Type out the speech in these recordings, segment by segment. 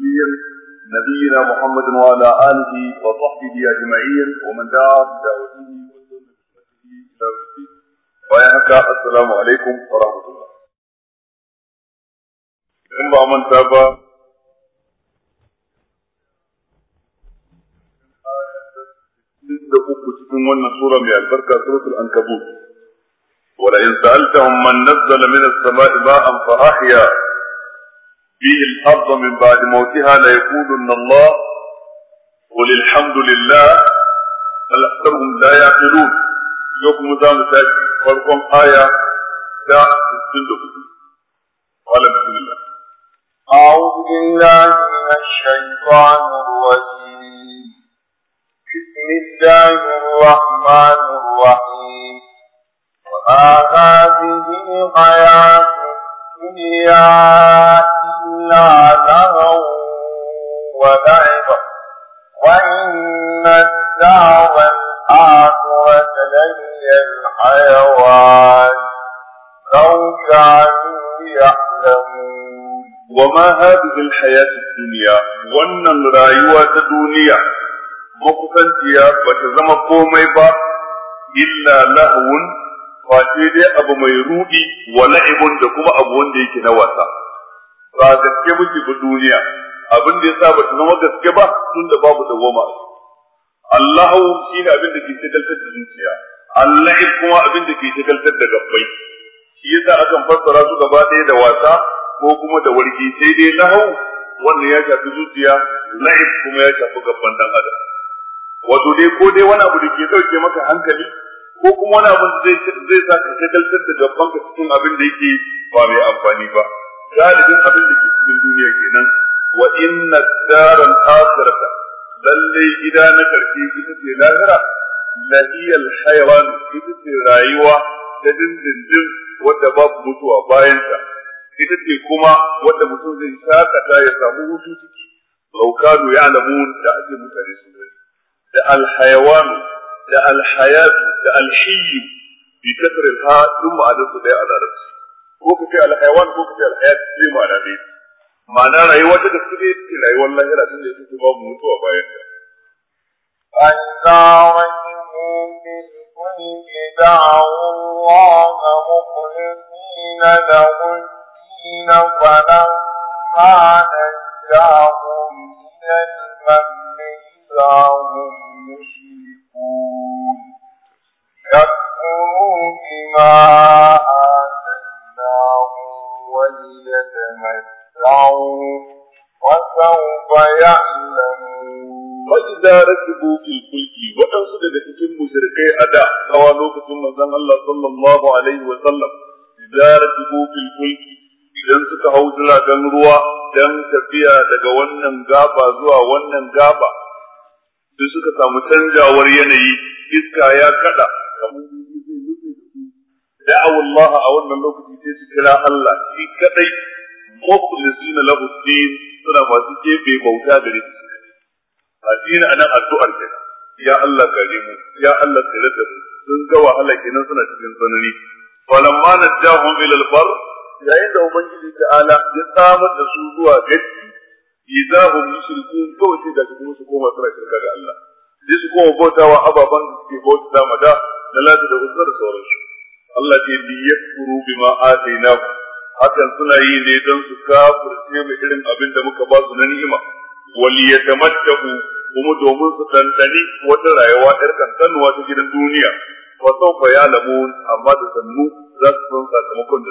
الأخير نبينا محمد وعلى آله وصحبه أجمعين ومن دعا بدعوته وسلم وسنة إلى الدين ويحكى السلام عليكم ورحمة الله إن من manta من سورة من البركة سورة sura ولئن سألتهم من نزل من السماء ماء فأحيا فيه الأرض من بعد موتها ليقولن الله قل الحمد لله بل أكثرهم لا يعقلون يوكم زام تأتي فرقم آية تاء الصندوق قال بسم الله أعوذ بالله من الشيطان الرجيم بسم الله الرحمن الرحيم وما هذه الحياة الدنيا لعنه ولعبا وإن الدعوة آخرة لي الحيوان لو جعلوا يعلمون وما هذه الحياة الدنيا وأن الرأيوة الدنيا مقفن فيها وتزم قومي با إلا لهو فاتيدي أبو ميرودي ولعب دكما أبو وندي كنواتا ba gaske muke ba duniya abin da yasa ba ta zama gaske ba tun da babu da dawoma Allah shi ne abin da ke shagaltar da zuciya Allah kuma abin da ke shagaltar da gabbai shi yasa akan fassara su gaba ɗaya da wasa ko kuma da warki sai dai lahau wannan ya shafi zuciya la'ib kuma ya shafi gabban dan adam wato dai ko dai wani abu da ke dauke maka hankali ko kuma wani abu da zai sa ka shagaltar da gabban ka cikin abin da yake ba mai amfani ba galibin abin da ke cikin duniya kenan wa inna daral akhirata lalle gida na karshe ita ce lahira lahiyal hayran ita ce rayuwa da dindindin wadda babu mutuwa bayanta ita ce kuma wadda mutum zai shakata ya samu hutu ciki laukanu ya alamun da ake mutane su da alhayawanu da alhayatu da alhiyu, bi kasar ha duk su ɗaya a larabci ko ka ce alhaiwan ko ka ce alhayat bi ma'ana ne ma'ana rayuwa ta gaske ne ce rayuwar lahira din da take babu mutuwa bayan ta فلما نجاهم إلى البر إذا هم يشركون يكفروا بما Wa’iza rake gobe kulki waɗansu daga cikin mushirkai a da tsawa lokacin manzon Allah sallallahu Alaihi wasallam, iza rake gobe kulki idan suka hau jiragen ruwa don tafiya daga wannan gaba zuwa wannan gaba, da suka samu canjawar yanayi, iska ya kaɗa. da'awu Allah a wannan lokaci sai su kira Allah shi kadai mukhlisin lahu din suna masu kefe bauta gare shi addini anan addu'ar kenan ya Allah kare mu ya Allah kare da mu sun ga wahala kenan suna cikin tsanani falamma najahum ila al-bar yayin da ubangiji ta'ala ya samar da su zuwa gaci idza hum mushrikun kawai sai da su su koma suna shirka ga Allah sai su koma bautawa ababan da suke bauta da da lati da uzur da sauransu Allah ce bi bi ma adina hakan suna yi ne don su kafirce mu irin abin da muka ba su na ni'ima wal yatamattahu kuma domin su dandani wata rayuwa ɗar kankanuwa ta gidan duniya fa ya lamu amma da sannu za su san sakamakon da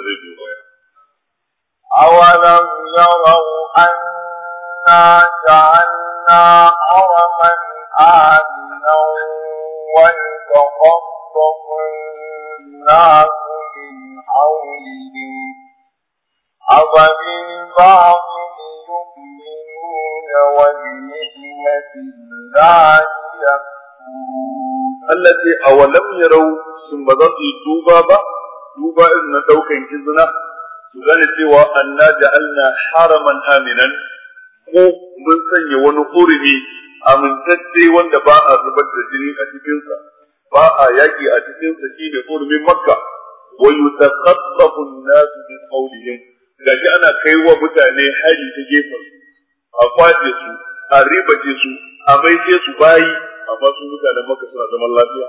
zai biyo baya النَّاسُ مِنْ حَوْلِهِمْ أَفَمِنْ بَعْضِهِ يُؤْمِنُونَ وَبِنِعْمَةِ اللَّهِ يَكْفُرُونَ الَّذِي أَوَلَمْ يَرَوْا ثُمَّ ظَنُّوا تُوبَى duba in na daukan izina su gane cewa anna ja'alna haraman aminan ko mun sanya wani hurumi amintacce wanda ba a zubar da jini a cikinsa ba a yaki a cikin sa shi ne makka wa yutaqaffafu an-nas min hawlihim gaji ana kai wa mutane hari ta gefen a kwace su a ribace su a maishe su bayi amma su mutanen makka suna zaman lafiya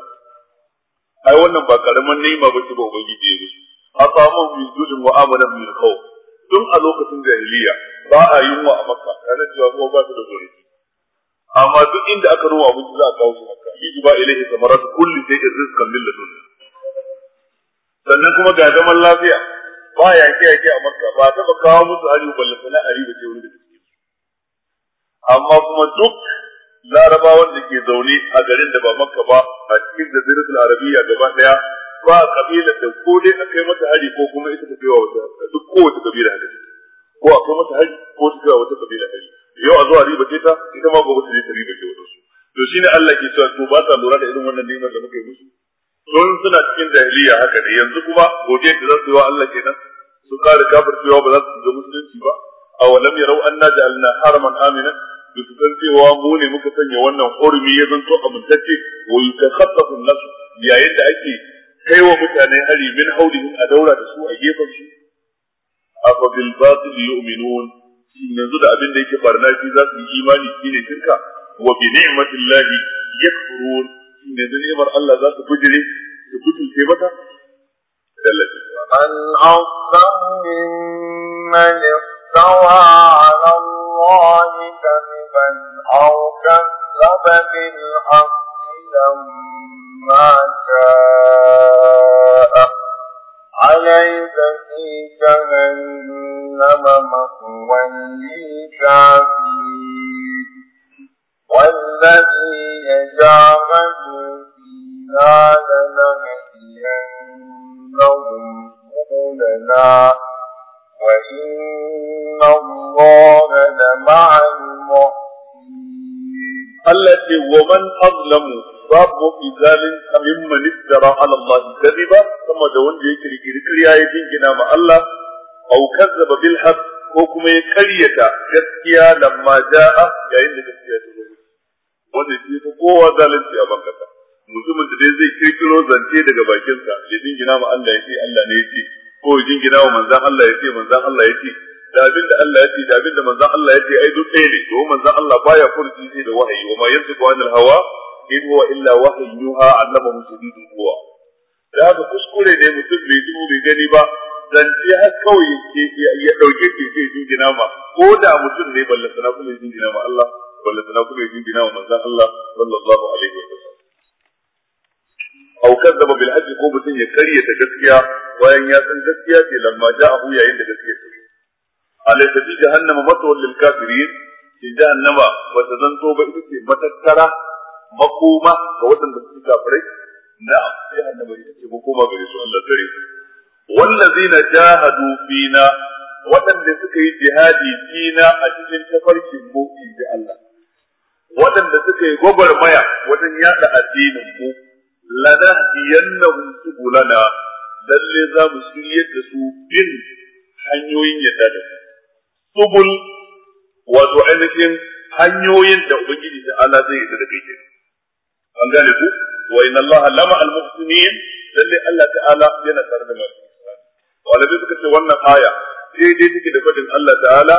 ai wannan ba karaman ni'ima bace ba ubangiji ya musu afamu min judin wa min tun a lokacin jahiliya ba a yunwa a makka kana cewa ko ba su da gurbi amma duk inda aka noma abinci za a kawo shi haka ilahi samara ta kulli su rizqan da ladunna sannan kuma ga zaman lafiya ba ya ke ke a makka ba ta ba kawo musu hari balle sana ari ba ce wani da suke amma kuma duk larabawan da ke zaune a garin da ba makka ba a cikin da jaziratul arabiya gaba daya ba kabila da ko dai a kai mata hari ko kuma ita ta kai wa wata duk kowace kabila hari ko a kai mata hari ko ta kai wa wata kabila hari yau a zuwa riba ce ta ita ma gobe ta je ta riba su to shine Allah ke cewa to ba sa lura da irin wannan ni'imar da muka yi musu don suna cikin jahiliya haka ne yanzu kuma godiya da za su yi wa Allah kenan su kare kafircewa ba za su shiga musulunci ba a walam yarau anna ja'alna haraman aminan da su san cewa mu ne muka sanya wannan hurumi ya zanto amintacce wa yutakhaffafu an-nas yayin da ake kai wa mutane hari min haulihim a daura da su a gefen su afa bil batil yu'minun yanzu da abin da yake barna shi za su yi imani ne shirka wa bi ni'matillahi yakfurun yanzu ni'mar Allah za su bujire su butulce mata dallaci an afsan mimman istawa ala Allah kadiban aw kazzaba bil haqqi lamma jaa alaika ita hannu na mamakon wani ya ja hannu na da na hannun wa inna Allah da ma'a yi Allah ce wa man azlamu babu fi zalin mimman iftara ala Allah ba? sama da wanda ya kirkiri ƙarya ya jingina ma Allah aw kazzaba bil haqq ko kuma ya karyata gaskiya lamma jaa yayin da gaskiya ta zo wanda shi ko kowa zalunci a bangata. mutumin da dai zai kirkiro zance daga bakinsa ya jingina ma Allah ya ce Allah ne ya ce ko ya jingina wa manzon Allah ya ce manzon Allah ya ce da abin da Allah ya ce da abin da manzon Allah ya ce ai duk ɗaya ne domin manzon Allah baya furci sai da wahayi wa ma yantiqu anil hawa in huwa illa wahyin yuha allamahu shadidul quwa da haka kuskure ne mutum bai dubu bai gani ba zance har kawai ya ɗauke ke ke jingina ma ko da mutum ne ballatana kuma ya jingina ma Allah ballatana kuma ya jingina ma manzon Allah sallallahu alaihi wa sallam أو كذب بالحج قوبة يكرية جسيا وأن يسن جسيا لما da gaskiya جسيا alaita fi jahannama matwal lil kafirin fi jahannama wata zanto ba ita ce matattara makoma ga waɗanda suke kafirai na jahannama ita ce makoma gare su Allah tare na jahadu fina waɗanda suka yi jihadi fina a cikin tafarkin mu da Allah waɗanda suka yi gwagwarmaya wajen yaɗa addinin mu lana iyannahum subulana lalle za mu shiryar da su bin hanyoyin yadda da su subul wato ainihin hanyoyin da ubangiji ta ala zai yi da kai kenan an gane ku wa inna allaha lama al muhsinin lalle allah ta'ala yana tare da masu walabi suka ce wannan aya dai, take da fadin allah ta'ala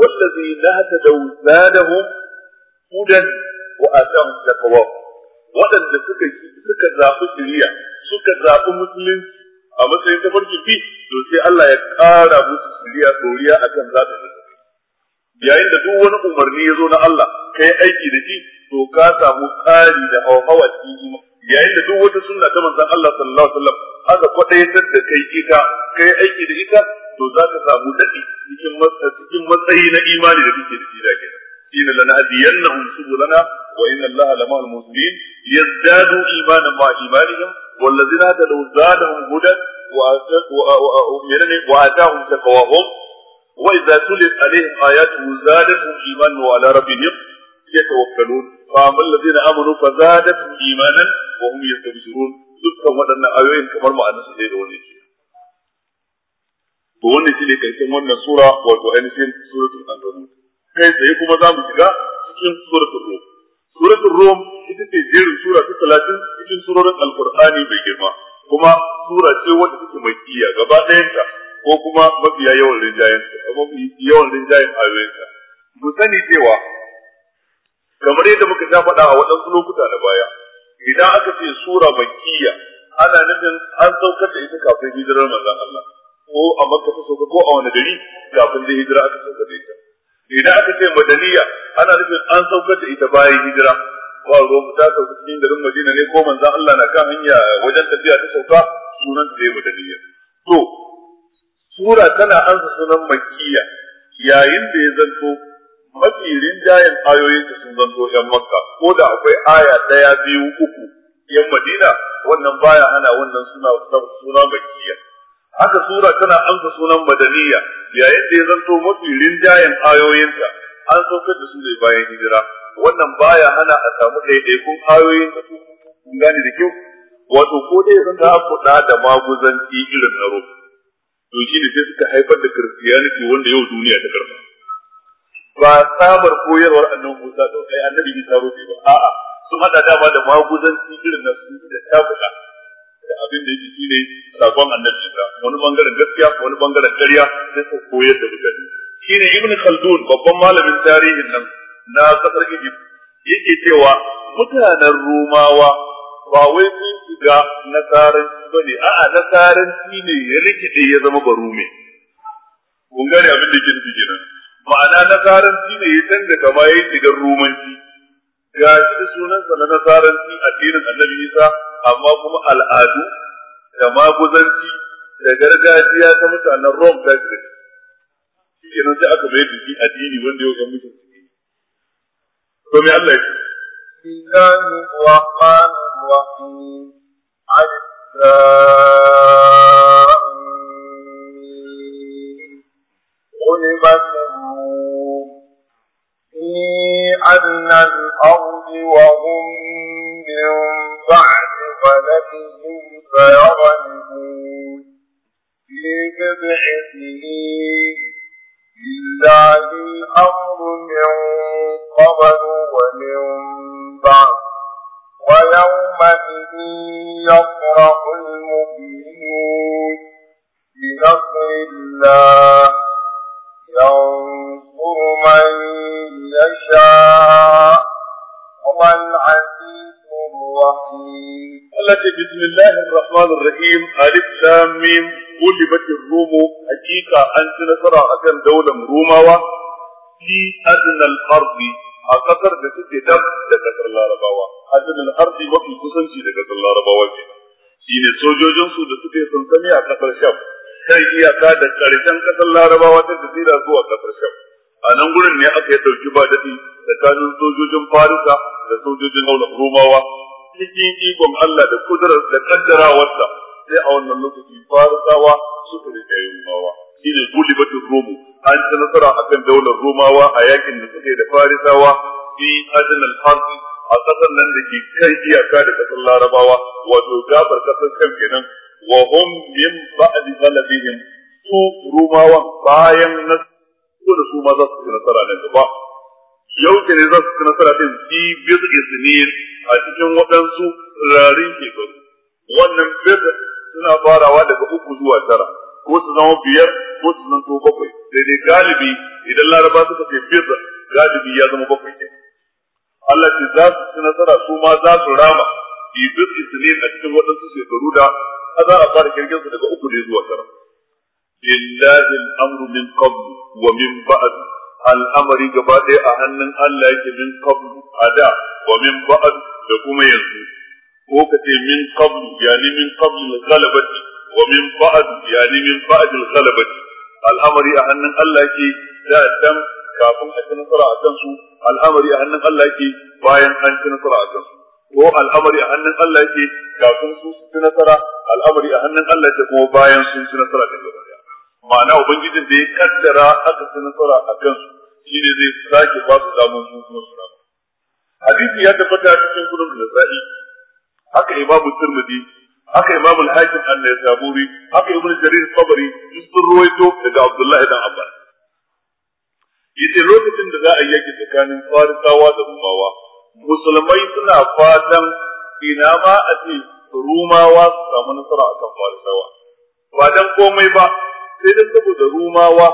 wallazi la tadaw zadahum hudan wa atam taqwa waɗanda suka suka zafi shiriya suka zafi musulunci a matsayin tafarki bi to sai Allah ya ƙara musu shiriya doriya akan zaɓin yayin da duk wani umarni ya zo na Allah kai aiki da shi to ka samu tsari da hawa cikin yayin da duk wata sunna ta manzon Allah sallallahu alaihi wasallam aka kwadaitar da kai ita kai aiki da ita to za ka samu dadi cikin cikin matsayi na imani da kake da shi da ke inna lanahdiyannahum subulana wa inna Allah lama al-muslimin yazdadu imanan ma imanihim والذين هدوا زادهم هدى وآتاهم تقواهم وإذا تلت عليهم آياته زادتهم إيمانا وعلى ربهم يتوكلون فأما الذين آمنوا فزادتهم إيمانا وهم يستبشرون dukkan waɗannan ayoyin kamar ma'ana su dai da wani. ke to wannan shi ne karshen wannan sura wato ainihin suratul ankabut kai tsaye kuma za mu shiga cikin suratul rum suratul rum ita ce jerin sura ta talatin cikin surorin alkur'ani mai girma kuma sura ce wadda take mai gaba ɗayanta ko kuma mafiya yawan rinjayen mafi yawan rinjayen ayoyinsa mu sani cewa kamar yadda muka ta faɗa a waɗansu lokuta na baya idan aka ce sura makkiya ana nufin an saukar da ita kafin hijirar manzon Allah ko a makka ta sauka ko a wani gari kafin da hijira aka saukar da ita idan aka ce madaniya ana nufin an saukar da ita bayan hijira ba ruwan mu ta sauka cikin garin Madina ne ko manzon Allah na kan hanya wajen tafiya ta sauka sunan da madaniya to sura tana ansa sunan makkiya yayin da ya zanto mafi rinjayen ayoyin da sun zanto yan makka ko da akwai aya daya biyu uku yan madina wannan baya ana wannan suna suna makkiya haka sura tana ansa sunan madaniya yayin da ya zanto mafi rinjayen ayoyinta an saukar da su ne bayan hijira wannan baya hana a samu ɗaiɗaikun ayoyin da su gane da kyau wato ko dai zan ta kuɗa da maguzanci irin na roƙo to shi ne sai suka haifar da kiristiyaniki wanda yau duniya ta karba ba sabar koyarwar annabi Musa da kai annabi Isa roƙe ba a'a sun hada dama da maguzanci irin na su da tabuka da abin da yake shine sakon annabi Isa wani bangaren gaskiya wani bangaren ƙarya sai su koyar da mutane shine Ibn Khaldun babban malamin tarihin nan na kasar Egypt yake cewa mutanen Rumawa ba wai sun shiga nasaranci ba ne a'a nasaranci ne ya rikide ya zama baro mai. gane abin da ke nufi gina. ma'ana nasaranci ne ya canza kama ya yi shigar rumanci ga shi sunansa na nasaranci addinin annabi isa amma kuma al'adu da maguzanci da gargajiya ta mutanen Rome ta shiga shi kenan sai aka bayar da shi addini wanda ya wuce mutum to me Allah ya ce Bismillahirrahmanirrahim الرحيم عرف في أدنى الأرض وهم من بعد غلبهم فيغلبون في بضع سنين من قبل ومن بعد ويومئذ يفرح المؤمنون بنصر الله ينصر من يشاء هو العزيز الرحيم التي بسم الله الرحمن الرحيم ألف لام ميم غلبت الروم حقيقة أنت نصر أكن دولة روماوة في أدنى الأرض a kasar da suke dab da ƙasar larabawa adadin arzi mafi kusanci da ƙasar larabawa ke shine sojojinsu da suke sansani a kasar sham kan iyaka da karshen kasar larabawa ta jazira zuwa ƙasar sham a nan gurin ne aka yi dauki ba daɗi tsakanin sojojin farisa da sojojin romawa cikin ikon Allah da kudurar da kaddarawarsa sai a wannan lokaci farisawa suka riga yi romawa shine gulibatin romu an ci nasara akan daular Romawa a yakin da suke da Farisawa fi adnal harb a kasar nan da ke kan iyaka da kasar Larabawa wato gabar kasar kan kenan wa hum min ba'd ghalabihim su Romawa bayan nasu da su ma za su ci nasara nan gaba yau ke ne za su ci nasara din fi bid'i sinin a cikin waɗansu rarin shekaru wannan bid'i suna farawa daga uku zuwa tara ko su zama biyar ko su zanto bakwai sai dai galibi idan laraba suka ce bir galibi ya zama bakwai ke Allah ce za su ci nasara su ma za su rama ibir isnin a cikin waɗansu shekaru da a za a fara kirgin su daga uku ne zuwa tara lillahi al-amru min qabl wa min ba'd al'amari gaba ɗaya a hannun Allah yake min qabl a da wa min ba'd da kuma yanzu ko ka ce min qabl yani min qabl al-ghalabati wa min ba'd yani min ba'd al-ghalabati al'amari a hannun Allah ke da dan kafin a ci nasara a kansu al'amari a hannun Allah ke bayan an ci nasara a kansu ko al'amari a hannun Allah ke kafin su ci nasara al'amari a hannun Allah ke kuma bayan sun ci nasara da gaba daya ma'ana ubangijin da ya kaddara aka ci nasara a kansu shine zai sake ba su damar su kuma su hadisi ya tabbata cikin gudun da sa'i haka imamu tirmidhi haka imam al-hakim an-naisaburi haka ibn jarir tabari sun ruwaito daga abdullah ibn abbas yace lokacin da za a yaki tsakanin farisawa da rumawa musulmai suna fatan ina ma a ce rumawa su samu nasara akan farisawa ba dan komai ba sai dan saboda rumawa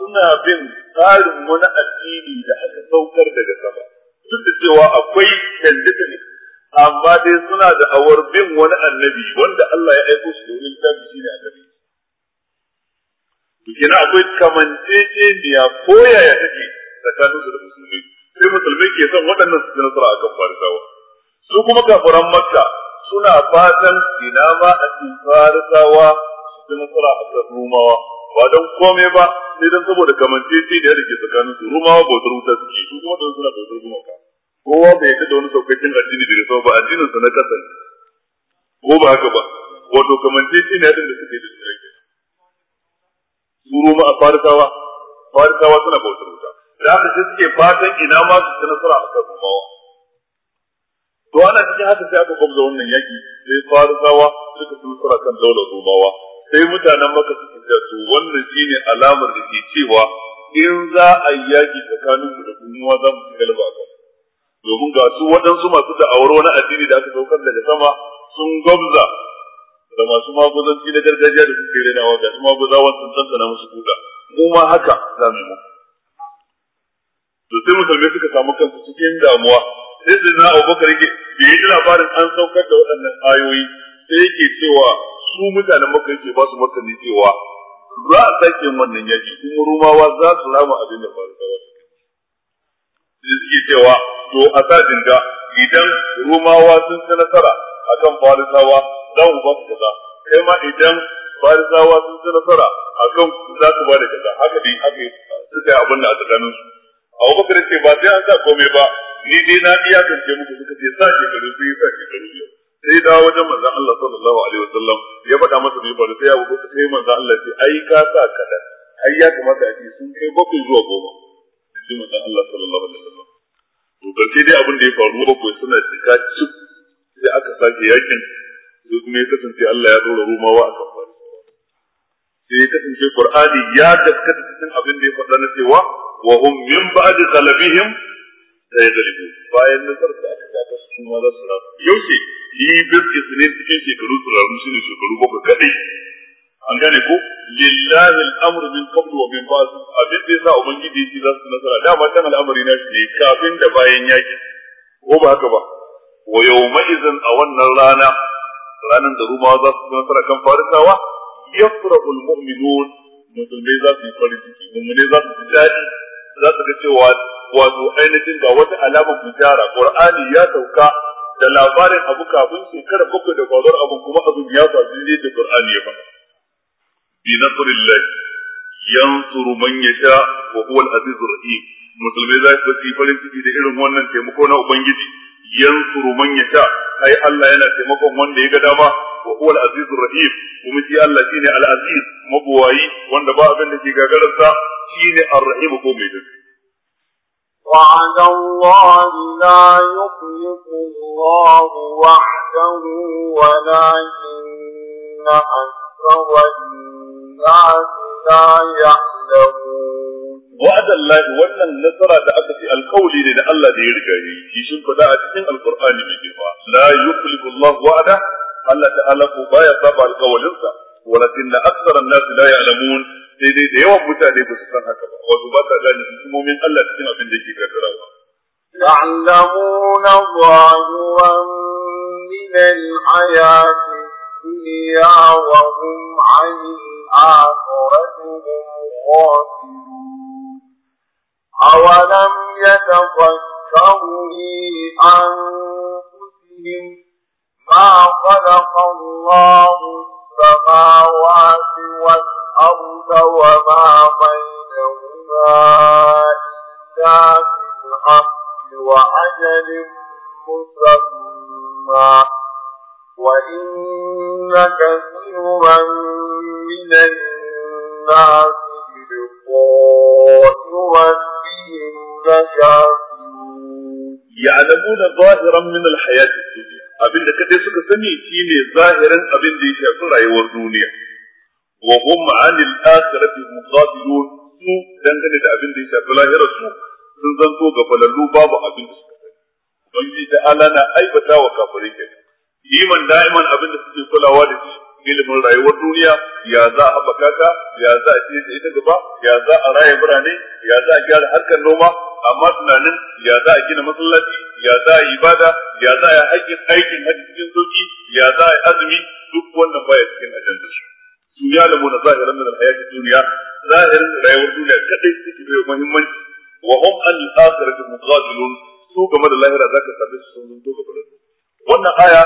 suna bin tsarin wani addini da aka saukar daga sama duk da cewa akwai canje-canje amma dai suna da awar bin wani annabi wanda Allah ya aiko su domin tafi shi ne annabi to kina akwai ya ko yaya take tsakanin su da musulmi sai musulmi ke son waɗannan su nasara akan farisawa su kuma kafiran makka suna fatan ina ma a cikin farisawa su nasara akan rumawa ba don komai ba sai don saboda ne da ke tsakanin su rumawa bautar wuta suke su kuma suna bautar gumaka kowa bai yadda da wani saukakin addini da rifa ba addinin sa na kasa ko ba haka ba wato kamance shi ne yadda suke da shi rage su roma a farisawa farisawa suna bautar wuta da haka ce suke fatan ina ma su ci nasara a kan rumawa to ana cikin haka sai aka kwamza wannan yaki sai farisawa suka ci nasara kan daular rumawa sai mutanen maka suke cewa su wannan shine alamar da ke cewa in za a yi yaki tsakanin da kuma za mu ci galiba a kan domin ga su waɗansu masu da'awar wani addini da aka saukar daga sama sun gwabza da masu maguzanci na gargajiya da suke renawa ga su wancan sun tantana musu kuka mu ma haka za mu yi to sai musulmai suka samu kansu cikin damuwa sai da na abubakar yake da yi labarin an saukar da waɗannan ayoyi sai yake cewa su mutanen maka yake ba su martani cewa za a sake wannan yaki kuma rumawa za su rama abin da faru da wasu suke cewa to a sa dinga idan rumawa sun ci nasara a kan farisawa za mu ba su kaza kai ma idan farisawa sun ci nasara a akan za su ba da kaza haka dai haka su kai abin da a tsakanin su wani bakar ce ba sai an sa komai ba ni dai na iyakance muku suka ce sa shekaru sun yi sa shekaru biyu sai dawo wajen manzon Allah sallallahu alaihi wasallam ya faɗa masa bai faru sai ya wuce sai manzon Allah ce ai ka sa kadan ai ya kamata a ce sun kai bakwai zuwa goma sai manzon Allah sallallahu alaihi wasallam to karshe dai abin da ya faru bakwai suna cika cik sai aka sake yakin sai kuma ya kasance Allah ya dora rumawa a kan faru. sai ya kasance Qur'ani ya daskata cikin abin da ya faɗa na cewa wa hum min ba'd ghalabihim sayghlibu bayan nasarar da aka kafa su ma za su rabu yaushe li bi isnin cikin shekaru ne shekaru bakwai kaɗai? an gane ko lillahi al-amru min qabl wa min ba'd abin da yasa ubangiji yake za su nasara da ba tan al'amari na shi kafin da bayan yaki ko ba haka ba wa yawma idzin a wannan rana ranan da rumawa za su nasara kan farisawa yafrahu al-mu'minun musulmai za su yi farin ciki mummune za su ji daɗi za su ga cewa wato ainihin ga wata alamar bishara qur'ani ya sauka da labarin abu kafin shekara bakwai da faruwar abu kuma abin ya faru ne da qur'ani ya faɗa بنصر الله ينصر من يشاء وهو العزيز الرحيم musulmai za su fi farin ciki da irin wannan taimako na ubangiji yansuru man yasha ai Allah yana taimakon wanda ya ga dama wa huwa al-azizur rahim kuma shi Allah shine al-aziz mabuwayi wanda ba abin da ke gagararsa shine ar-rahim ko mai dinka وعد الله لا يخلف الله وحده ولكن أكثر الساعة لا وعد الله wannan nasara da aka fi alkawli ne da Allah da ya riga yi shi shin a cikin alqur'ani mai girma la yukhliqu Allah wa'ada Allah ta'ala ko baya saba alkawalinsa walakinna aktsara an-nas la ya'lamun sai dai da yawan mutane ba su san haka ba wato ba ka gane Allah cikin abin da يعلمون ظاهرا من الحياة الدنيا وهم عن عن نعم، رجل أولم يتفكروا أنفسهم ما خلق الله السماوات والأرض وما بينهما إلا بالحق وأجل مسمى وإن كثيرا من الناس بلقاء ربهم يشعرون يعلمون ظاهرا من الحياة الدنيا abin da kadai suka sani shine zahirin abin da ya shafi rayuwar duniya wa hum anil akhirati mughafilun su dangane da abin da ya shafi su sun zanto ga falallu babu abin da suka sani don ji da alana aibata wa kafirai kenan iman da'iman abin da suke kulawa da shi ilimin rayuwar duniya ya za a haɓaka ta ya za a ce ita gaba ya za a raya birane ya za a gyara harkar noma amma tunanin ya za a gina masallaci ya za a ibada ya za a haƙƙin aikin haƙƙin cikin sauki ya za a yi azumi duk wannan baya cikin ajandar su su ya lamu na zahirin min alhayati duniya zahirin rayuwar duniya kadai suke da muhimmanci wa hum an al-akhirati mughafilun su game da lahira zaka sabe su sun zo gaba wannan aya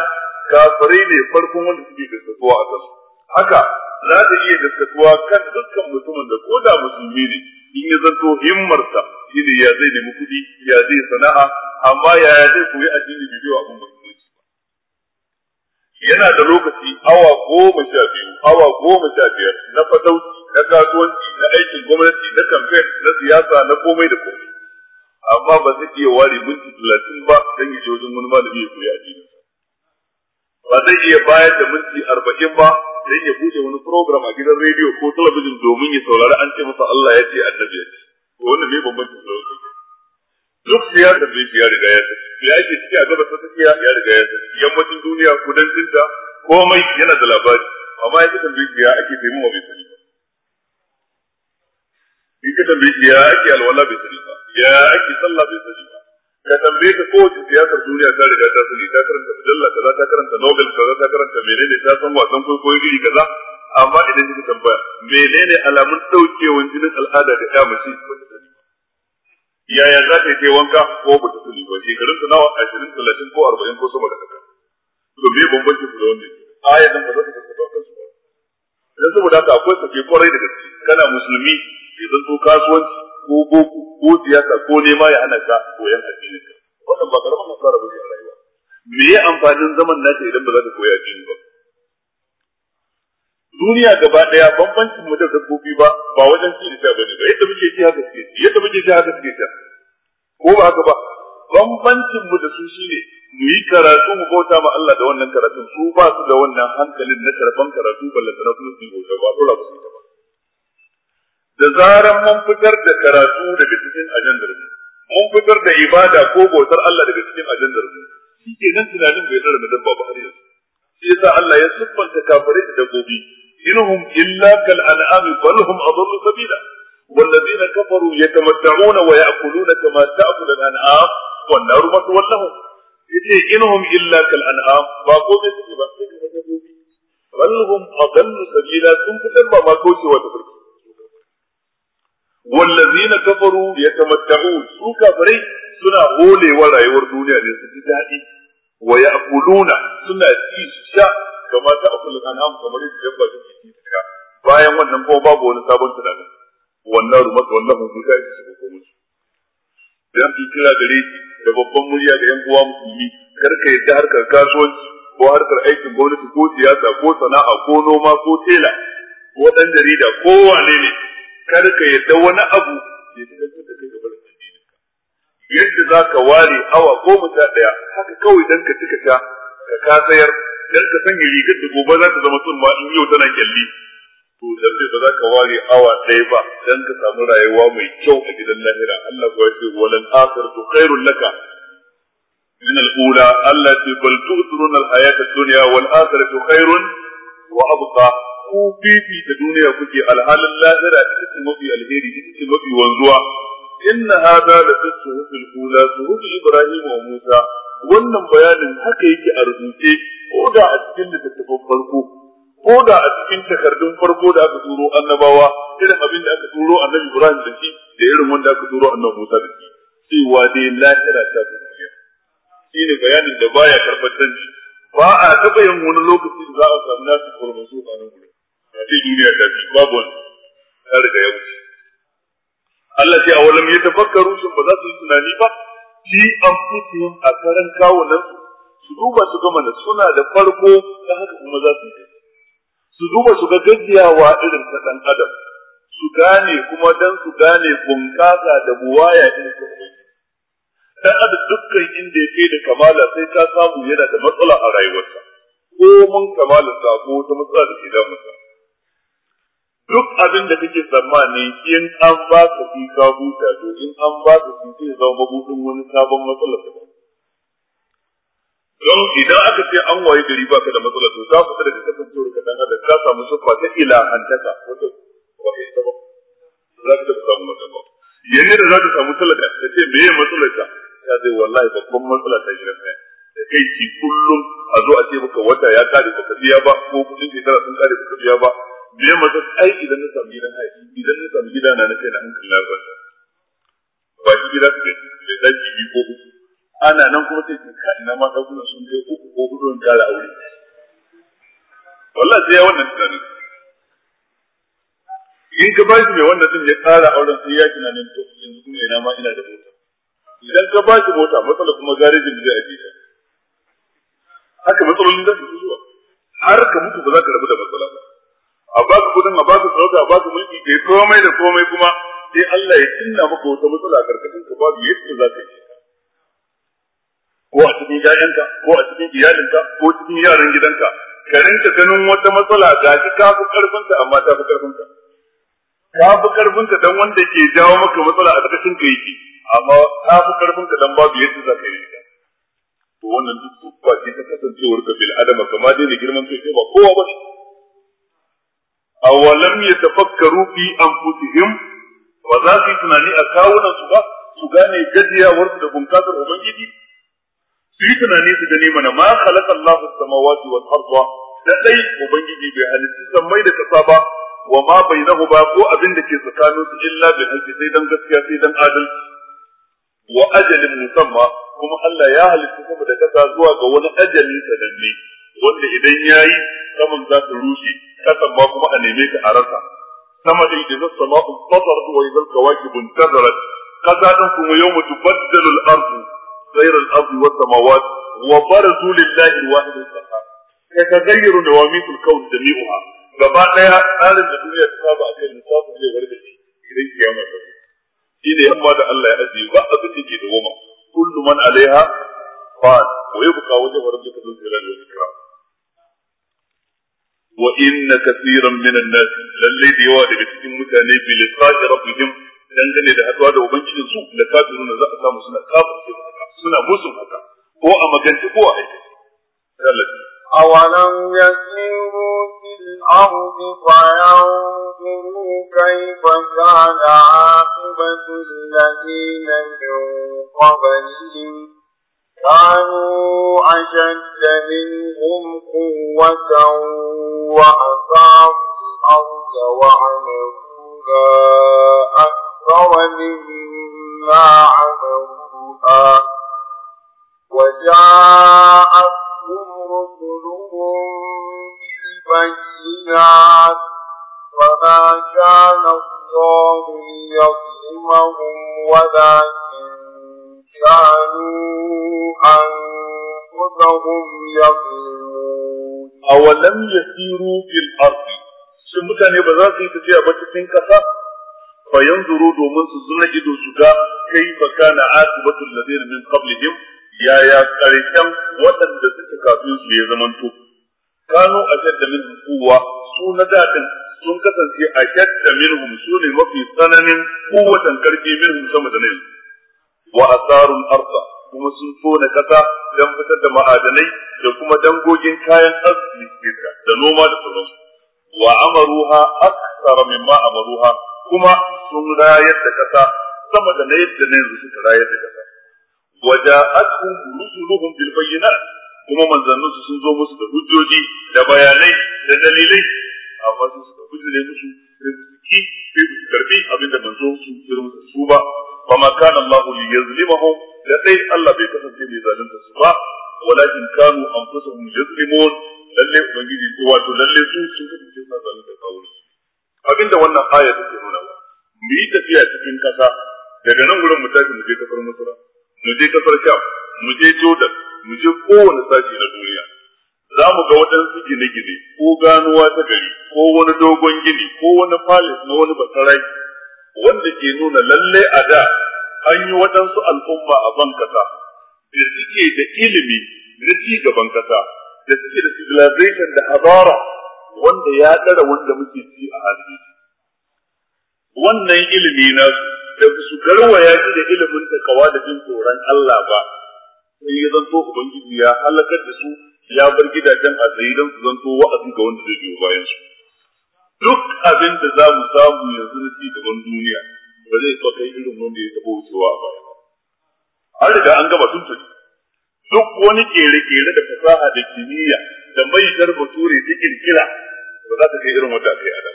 kafirai ne farkon wanda suke gaskatuwa a kansu haka za ta iya gaskatuwa kan dukkan mutumin da koda musulmi ne in ya zanto himmarsa shi ne ya zai nemi kuɗi ya zai sana'a amma yaya zai koyi addini da biyu abin musulunci yana da lokaci awa goma sha biyu awa goma sha biyar na fatauci na kasuwanci na aikin gwamnati na kamfen na siyasa na komai da komai amma ba zai iya ware minti talatin ba don ya je wajen wani malami ya koyi addini ba zai iya bayar da minti arba'in ba don ya bude wani program a gidan rediyo ko talabijin domin ya saurari an ce masa Allah ya ce annabi ya ce to wannan ne bambancin sarauta ke duk siyasar da ya riga ya tafi ya ake ciki a gaba ta tafiya ya riga ya tafi yammacin duniya kudancin ta komai yana da labari amma ya tambayi ya ake taimama bai sani ba in ka tambayi ya ake alwala bai sani ba ya ake sallah bai sani ka tambaye ka kowace siyasar duniya ta riga ta sani ta karanta mujalla kaza ta karanta nobel kaza ta karanta menene ta san wasan kwaikwayo iri kaza amma idan kika tambaya menene alamun daukewan jinin al'ada da ta mace yaya za ta yi wanka ko ba ta sani ba shekarun ta nawa ashirin talatin ko arba'in ko sama da haka to me bambanci su da wannan ayat nan ba za ta tattaba kansu ba dan saboda haka akwai sake kwarai da gaske kana musulmi idan to kasuwanci ko boko ko siyasa ko nema ya hana ka koyan addinin ka wannan ba karamin hasara ba ne a rayuwa me ya amfanin zaman naka idan ba za ka koya addini ba duniya gaba daya bambancin mu da dabbobi ba ba wajen ci da sha bane ba yadda muke ci haka suke ci yadda muke ci haka suke ci ko ba haka ba bambancin mu da su shine mu yi karatu mu bauta ma Allah da wannan karatun su ba su da wannan hankalin na karban karatu ballantana kuma su yi bauta ba dole su ba. da zaran mun fitar da karatu daga cikin ajandar mu mun fitar da ibada ko bautar Allah daga cikin ajandar mu shi ke nan tunanin bai tsara da dabba ba har yanzu shi yasa Allah ya siffanta kafirai da dabbobi inhum illa kal an'ami bal hum adallu sabila والذين كفروا يتمتعون ويأكلون كما تأكل الأنعام والنار مثوى لهم yace inhum illa kal an'am ba ko me suke ba sai ka dabbobi bal hum adallu sabila sun fitar ba ma kaucewa da farki والذين كفروا يتمتعون su kafirai suna holewa rayuwar duniya ne su ji daɗi wa ya'kuluna suna ci sha kamar ta akulu yadda bayan wannan kuma babu wani sabon tunani wannan rumata wannan hudu ta ci ko musu dan ki kira da babban murya da yan uwa musulmi kar ka yadda harkar kasuwanci ko harkar aikin gwamnati ko siyasa ko sana'a ko noma ko tela ko dan jarida ko wane ne Kar ka yadda wani abu ya shiga da kai gaban addinin ka yadda za ka ware awa goma sha ɗaya haka kawai don ka cika ta ka ka sayar don ka sanya rigar da gobe za ta zama tsumma in yau tana kyalli to dan bai ba za ka ware awa ɗaya ba don ka samu rayuwa mai kyau a gidan lahira Allah ya ce walan akhiratu khairul laka من الأولى التي بل تؤثرون الحياة الدنيا والآخرة خير وأبقى ku fifi ta duniya kuke alhalin lahira ita ce mafi alheri ita ce mafi wanzuwa inna hada la tasuhufil ula suhuf ibrahim wa musa wannan bayanin haka yake a rubuce ko da a cikin littattafan farko ko da a cikin takardun farko da aka turo annabawa irin abin da aka turo annabi ibrahim da shi da irin wanda aka turo annabi musa da shi cewa dai lahira ta duniya shine bayanin da baya karɓar ba a taɓa yin wani lokaci da za a samu nasu kurmin su a nan a ce duniya ta fi babu wani ta riga ya wuce Allah ce a walam ya tafakkaru shin ba za su yi tunani ba fi anfusihim a karan kawunan su duba su ga mana suna da farko ta haka kuma za su yi su duba su ga gaggiyawa irin ta ɗan adam su gane kuma dan su gane bunƙasa da buwaya irin ta dan adam dukkan inda ya kai da kamala sai ka samu yana da matsala a rayuwarsa ko mun kamala sako ta matsala da ke damunsa duk abin da kake tsammani in an ba ka fi ka huta to in an ba ka fi zai zama mabudin wani sabon matsala ka don idan aka ce an waye gari ba ka da matsala to za ku da kasan kasancewar ka dan adam ka samu sufa ta ilahantaka wata ba ka ita ba za ka taɓa samu matsala ba yanne da za ka samu talaka ta ce me matsalar ta ya zai wallahi babban matsala ta gidan kai da kai ki kullum a zo a ce maka wata ya kare ka biya ba ko kudin shekara sun kare baka biya ba me masa ai idan na samu gidan ai idan na samu gidana na kai na hankali na kwanta ba shi gida su da daki biyu ko uku ana nan kuma sai ka kai na ma dakuna sun kai uku ko hudu in kara aure wallah sai wannan tunanin in ka shi mai wannan tun ya tsara auren sai ya nan to yanzu kuma ina ma ina da mota idan ka shi mota matsala kuma garejin da zai ta haka matsalolin da su zuwa har ka mutu ba za ka rabu da matsala a ba ka kudin a ba ka sarauta a ba ka mulki kai komai da komai kuma sai Allah ya cinna maka wata matsala karkashin ka babu yadda za ka yi ko a cikin ƴaƴanka ko a cikin iyalinka ko cikin yaran gidanka ka rinka ganin wata matsala ga shi ka fi karfinta amma ta fi karfinta ka fi karfinta dan wanda ke jawo maka matsala a karkashin ka yake amma ka fi karfinta dan babu yadda za ka yi ka to wannan duk ba ce ta kasancewar ka bil adama kamar dai da girman kai ba kowa ba awalam yatafakkaru fi anfusihim ba za su yi tunani a kawunan su ba su gane gajiyawar su da bunkasar ubangiji su yi tunani su gane mana ma khalaqa Allahu samawati wal arda da dai ubangiji bai halitta sammai da kasa ba wa ma ba ko abin da ke tsakanin su illa bil haqqi sai dan gaskiya sai dan adalci wa ajalin musamma kuma Allah ya halitta sama da kasa zuwa ga wani ajali sananne wanda idan yayi saman za ta rushe kasan ba kuma a neme ka a rasa sama da idan as-sama'u fatarat wa idza al-kawakib intazarat kaza dan kuma yau yawma tubaddalu al-ardu ghayra al-ardi was-samawat wa barazu lillahi al-wahid al-qahhar yataghayyaru nawamit al-kawn jami'uha gaba ɗaya tsarin da duniya ta saba a kai lissafin zai da shi idan kiyama ta zo shi ne yamma da Allah ya ajiye ba abin da ke da goma kullu man alaiha fa wa yabqa wajhu rabbika dhul da wal kira. wa inna kaseeran min an-nas lalle da yawa daga cikin mutane bi liqa'i rabbihim dangane da haduwa da ubangiji su da kafiruna za a samu suna kafirce haka suna musun haka ko a magance ko a aikace أولم يسيروا في الأرض فينظروا كيف كان عاقبة الذين من قبلهم كانوا أشد منهم قوة وأصابوا الأرض وعملوها أكثر مما عملوها وجاءتهم رسلهم بالبينات وما كان الله ليظلمهم ولكن جعلوا أنفسهم يظلمون أولم يسيروا في الأرض shin mutane ba za su yi tafiya ba cikin ƙasa fa yanzuru domin su zuna ido su ga kai fa kana akibatul ladina min qablihim yaya karshen waɗanda suka kafin su ya zamanto kano a shadda min kuwa su na daɗin sun kasance a shadda minhum su ne mafi tsananin kowatan karfi minhum sama da na wa asarul arda kuma sun tona kasa don fitar da ma'adanai da kuma dangogin kayan arziki da noma da sauransu wa amaruha akthara mimma amaruha kuma sun rayar da kasa sama da na yadda na yanzu suka rayar da kasa wa ja'atuhum rusuluhum bil bayyinat kuma manzannin su sun zo musu da hujjoji da bayanai da dalilai amma su suka bujire musu sai su ki sai su karbi abinda manzo su kirmusu su ba Ya Allah وما كان الله ليظلمهم لدي الله بيتفسي بذلك السبا ولكن كانوا أنفسهم يظلمون lalle ubangiji ko wato lalle su su kuka ce na zalunta kawunan su abinda wannan aya take nuna ba mu yi tafiya cikin kasa daga nan gurin mu tafi mu je kasar Misra mu je kasar Sham mu je Jodan, mu je kowane sashi na duniya za mu ga waɗansu gine-gine ko ganuwa ta gari ko wani dogon gini ko wani palace na wani basarai wanda ke nuna lalle a da an yi waɗansu al'umma a bankasa da suke da ilimi na ci gaban kasa da suke da civilization da habara wanda ya ɗara wanda muke ci a halin wannan ilimi na da su garwaya shi da ilimin takawa da jin tsoron Allah ba sai ya zanto ubangiji ya halakar da su ya bar gidajen azai don su zanto wa'azi ga wanda zai biyo bayan su duk abin da za mu samu yanzu na cigaban duniya ba zai so kai irin wanda ya taɓa wucewa a baya ba an riga an gaba tun tuni. duk wani kere-kere da fasaha da kimiyya da maitar ture ta kirkira ba za ta kai irin wanda aka yi a ba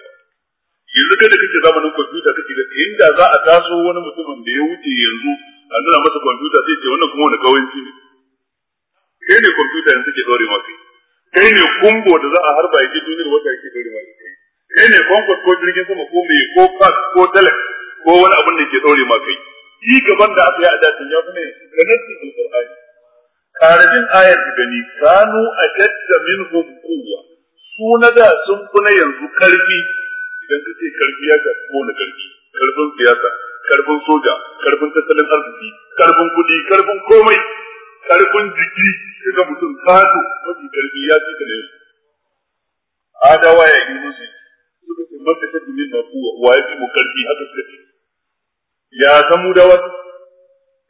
yanzu kai da kake zamanin kwamfuta kake da inda za a taso wani mutumin da ya wuce yanzu a nuna masa kwamfuta sai ce wannan kuma wani kawai ne kai ne kwamfuta yanzu ke ɗore mafi. kai ne kumbo da za a harba ke duniyar wata ke ɗore maka kai ne kwankwas ko jirgin sama ko mai ko fas ko dalek ko wani abin da ke ɗaure ma kai yi gaban da aka yi a dacin ya fi ne ganin su alƙur'ani karabin ayar da gani kanu a jadda min hukuwa su na da sun fi na yanzu karfi idan ka ce karfi ya ga kone karfi karfin siyasa karfin soja karfin tattalin arziki karfin kuɗi karfin komai karfin jiki ga mutum kato mafi karfi ya fi ka da yanzu adawa ya yi musu suka ce maka shaddu min na kuwa wa ya fi mu karfi haka suka ce ya samu da wata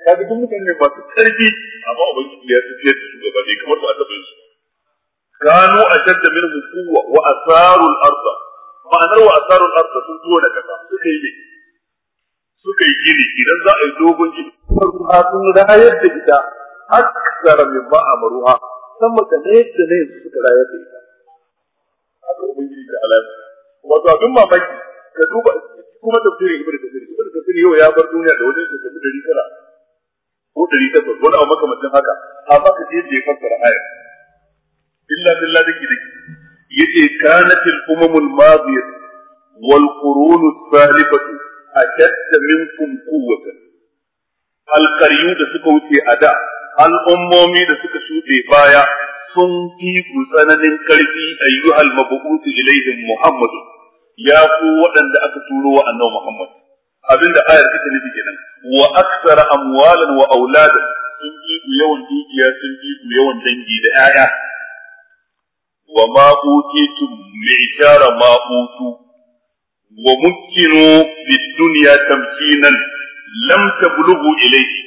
ya ga duk mutane masu karfi amma ubangiji ya fi fiye da su gaba ne kamar ba a taɓa su kanu a shadda min mu kuwa wa asarul arda ma'anar wa asarul arda sun zo da kasa suka yi ne suka yi gini idan za a yi dogon gini farko sun rayar da ita aksara min ba a maruha sama da ne da ne suka rayar da ita haka ubangiji da alamu wato abin mamaki ka duba kuma tafsirin ibnu tafsir ibnu tafsir yau ya bar duniya da wajen shekaru dari tara ko dari takwas wani abu makamancin haka amma ka je je fassara aya illa billah dake dake yace kanatil umamul madiyah wal qurun as-salifatu ashadda minkum quwwatan al da suka wuce a da al'ummomi da suka shuɗe baya sun fi ku tsananin karfi ayyuhal mabu'utu ilaihin muhammadu ya ku waɗanda aka turo wa annabi muhammad abinda ayar take nufi kenan wa aksara amwalan wa auladan sun fi ku yawan dukiya sun fi ku yawan dangi da 'ya'ya wa ma utitum mi'shara ma utu wa mukkinu bid dunya tamkinan lam tablughu ilayhi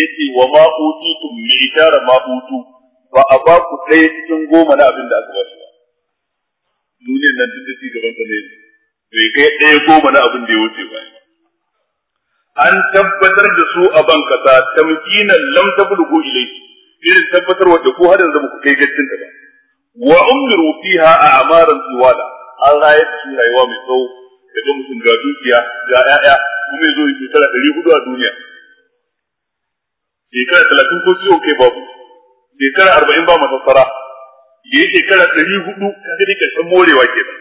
yace wa ma utitum mi'shara ma utu ba a ba ku ɗaya cikin goma na abin da aka ba shi ba duniyar nan duk da ci gaban ta ne bai kai ɗaya goma na abin da ya wuce ba an tabbatar da su a ban kasa tamkinan lam tablugu ilai, irin tabbatar da ko hadin zama ku kai gaskin ta ba wa umiru fiha a amaran tuwada, an raya da rayuwa mai tsawo daga mutum ga dukiya ga 'ya'ya kuma ya zo shekara ɗari hudu a duniya shekara talatin ko ciwo kai babu shekara arba'in ba masassara ya yi shekara ɗari hudu kaga dai ƙarshen morewa ke nan.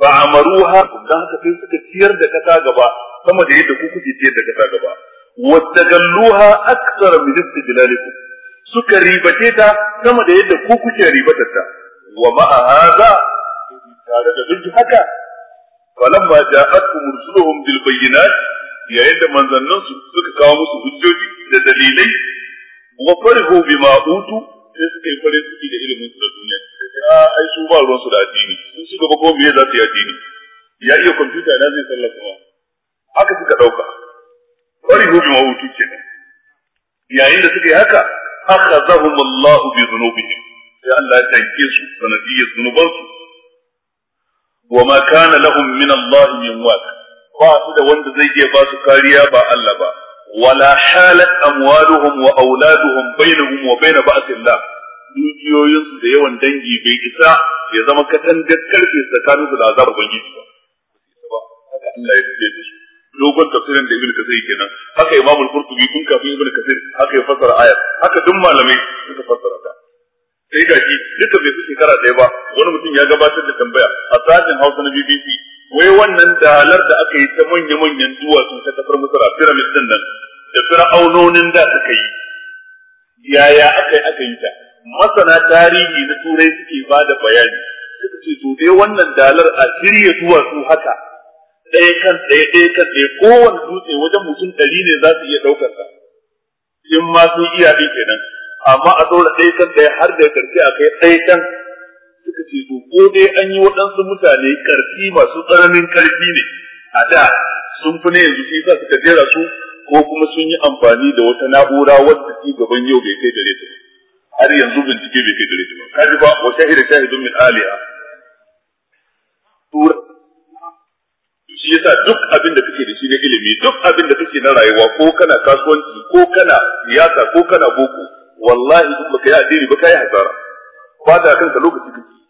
Ba a ha don haka sai suka ciyar da kasa gaba sama da yadda ku kuke ciyar da kasa gaba. Wata ha aksara min jilaliku suka ribace ta sama da yadda ku kuke ribatar ta. Wa ma'a haza tare da duk haka falamma ja'at kumursuluhum bil bayyinat yayin da manzannin su suka kawo musu hujjoji da dalilai wa farhu bima utu sai suka yi farin ciki da ilimin su da duniya a ah, ai su ba ruwan su da addini sun su gaba ko za su yi addini ya iya kwamfuta na zai sallar ma haka suka ɗauka. farhu bima utu ce. yayin da suka yi haka akhazahum Allah bi dhunubihim sai Allah ya tanke su sanadiyyar zunubansu wa ma kana lahum min Allah min waq ba su da wanda zai iya ba su kariya ba Allah ba wala halat amwaluhum wa auladuhum bainahum wa su da yawan dangi bai isa ya zama katangar karfe tsakanin su da azabar ubangiji ba haka Allah ya tsaye da su dogon tafsirin da ibn kasir kenan haka imam al-qurtubi tun kafin ibn kasir haka ya fassara ayar haka duk malamai suka fassara ta sai ga shi duka bai fi shekara ɗaya ba wani mutum ya gabatar da tambaya a sashen hausa na bbc wai wannan dalar da aka yi ta manya-manyan duwatsu ta kasar Misra pyramid din nan da fir'aunonin da suka yi yaya aka yi aka yi ta masana tarihi na turai suke ba da bayani suka ce to dai wannan dalar a shirya duwatsu haka ɗaya kan ɗaya ɗaya kan ɗaya kowane dutse wajen mutum ɗari ne za su iya ɗaukar sa in ma sun iya ɗin kenan amma a ɗora ɗaya kan ɗaya har da ƙarshe a kai ɗaya kan suka ce to ko dai an yi waɗansu mutane ƙarfi masu tsananin ƙarfi ne a da sun fi na yanzu shi sa suka jera su ko kuma sun yi amfani da wata na'ura wadda ci gaban yau bai kai gare ta ba har yanzu bincike bai kai gare ta ba kaji ba wa shahida shahidun min aliya shi yasa duk abin da kake da shi na ilimi duk abin da kake na rayuwa ko kana kasuwanci ko kana siyasa ko kana boko wallahi duk baka yi addini ba ka yi hasara ba ta kanka lokaci kake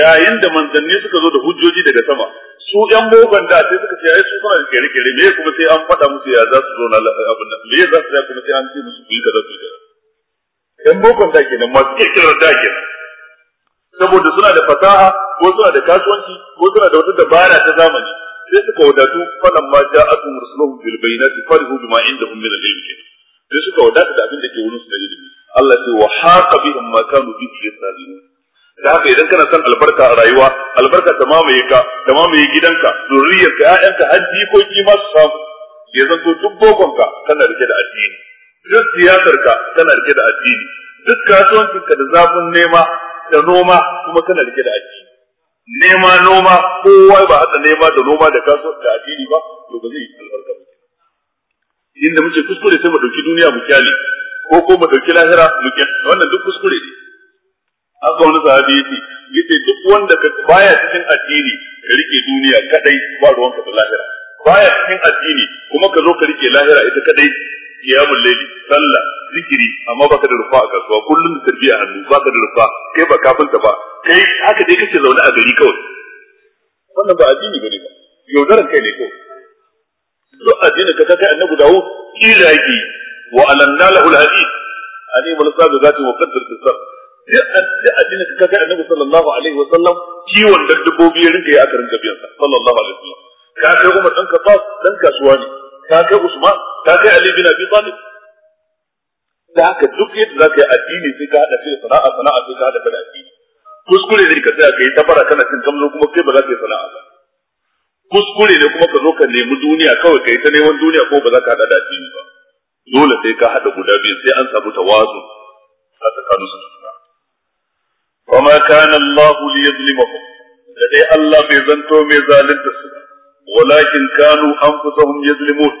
yayin da manzanni suka zo da hujjoji daga sama su yan bogon da sai suka ce ai su suna kere kere me kuma sai an faɗa musu ya za su zo na abin nan me za su ya kuma sai an ce musu ku yi kaza ku yi kaza yan bogon da kenan masu iya kiran da kenan saboda suna da fasaha ko suna da kasuwanci ko suna da wata dabara ta zamani sai suka wadatu falan ma ja'atu rusuluhum bil bayinati farihu bima indahum min al-ilm sai suka wadata da abin da ke wurin su da ilimi Allah ya ce wa haqa bihim ma kanu bihi yastazilun da haka idan kana son albarka a rayuwa albarka ta mamaye ka ta mamaye gidanka zuriyar ka ƴaƴanka har jikoki ma su samu ya zanto duk bokonka kana rike da addini duk siyasar ka kana rike da addini duk kasuwancin ka da zafin nema da noma kuma kana rike da addini nema noma kowa ba haka nema da noma da kasuwanci da addini ba to ba zai yi albarka ba inda muke kuskure sai mu dauki duniya mu kyale ko ko mu dauki lahira mu kyale wannan duk kuskure ne haka wani sahabi yace yace duk wanda ka baya cikin addini ka rike duniya kadai ba ruwanka da lahira baya cikin addini kuma ka zo ka rike lahira ita kadai kiyamul laili sallah zikiri amma baka da rufa a kasuwa kullum tarbiya hannu baka da rufa kai ba kafinta ba kai haka dai kake zaune a gari kawai wannan ba addini bane ba yaudaran kai ne kawai duk addinin ka kai annabi dawud kila yake wa alanna lahu alhadid ani mulsa bi zati muqaddas fi duk addinin ka kaga annabi sallallahu alaihi wa sallam kiwon dabbobi ya rinka yi aka rinka biyan sa sallallahu alaihi wa sallam ka kai Umar dan Khattab dan kasuwa ne ka kai Usman ka kai Ali bin Abi Talib da haka duk yadda zaka yi addini sai ka hada shi sana'a sana'a sai ka hada da addini kuskure ne ka tsaya kai ta bara kana cin kamzo kuma kai ba za ka yi sana'a ba kuskure ne kuma ka zo ka nemi duniya kawai kai ta neman duniya ko ba za ka hada da addini ba dole sai ka hada guda biyu sai an samu tawazu a tsakaninsu. وما كان الله ليظلمهم لدي الله بيزنتو ميزالين تسنا ولكن كانوا أنفسهم يظلمون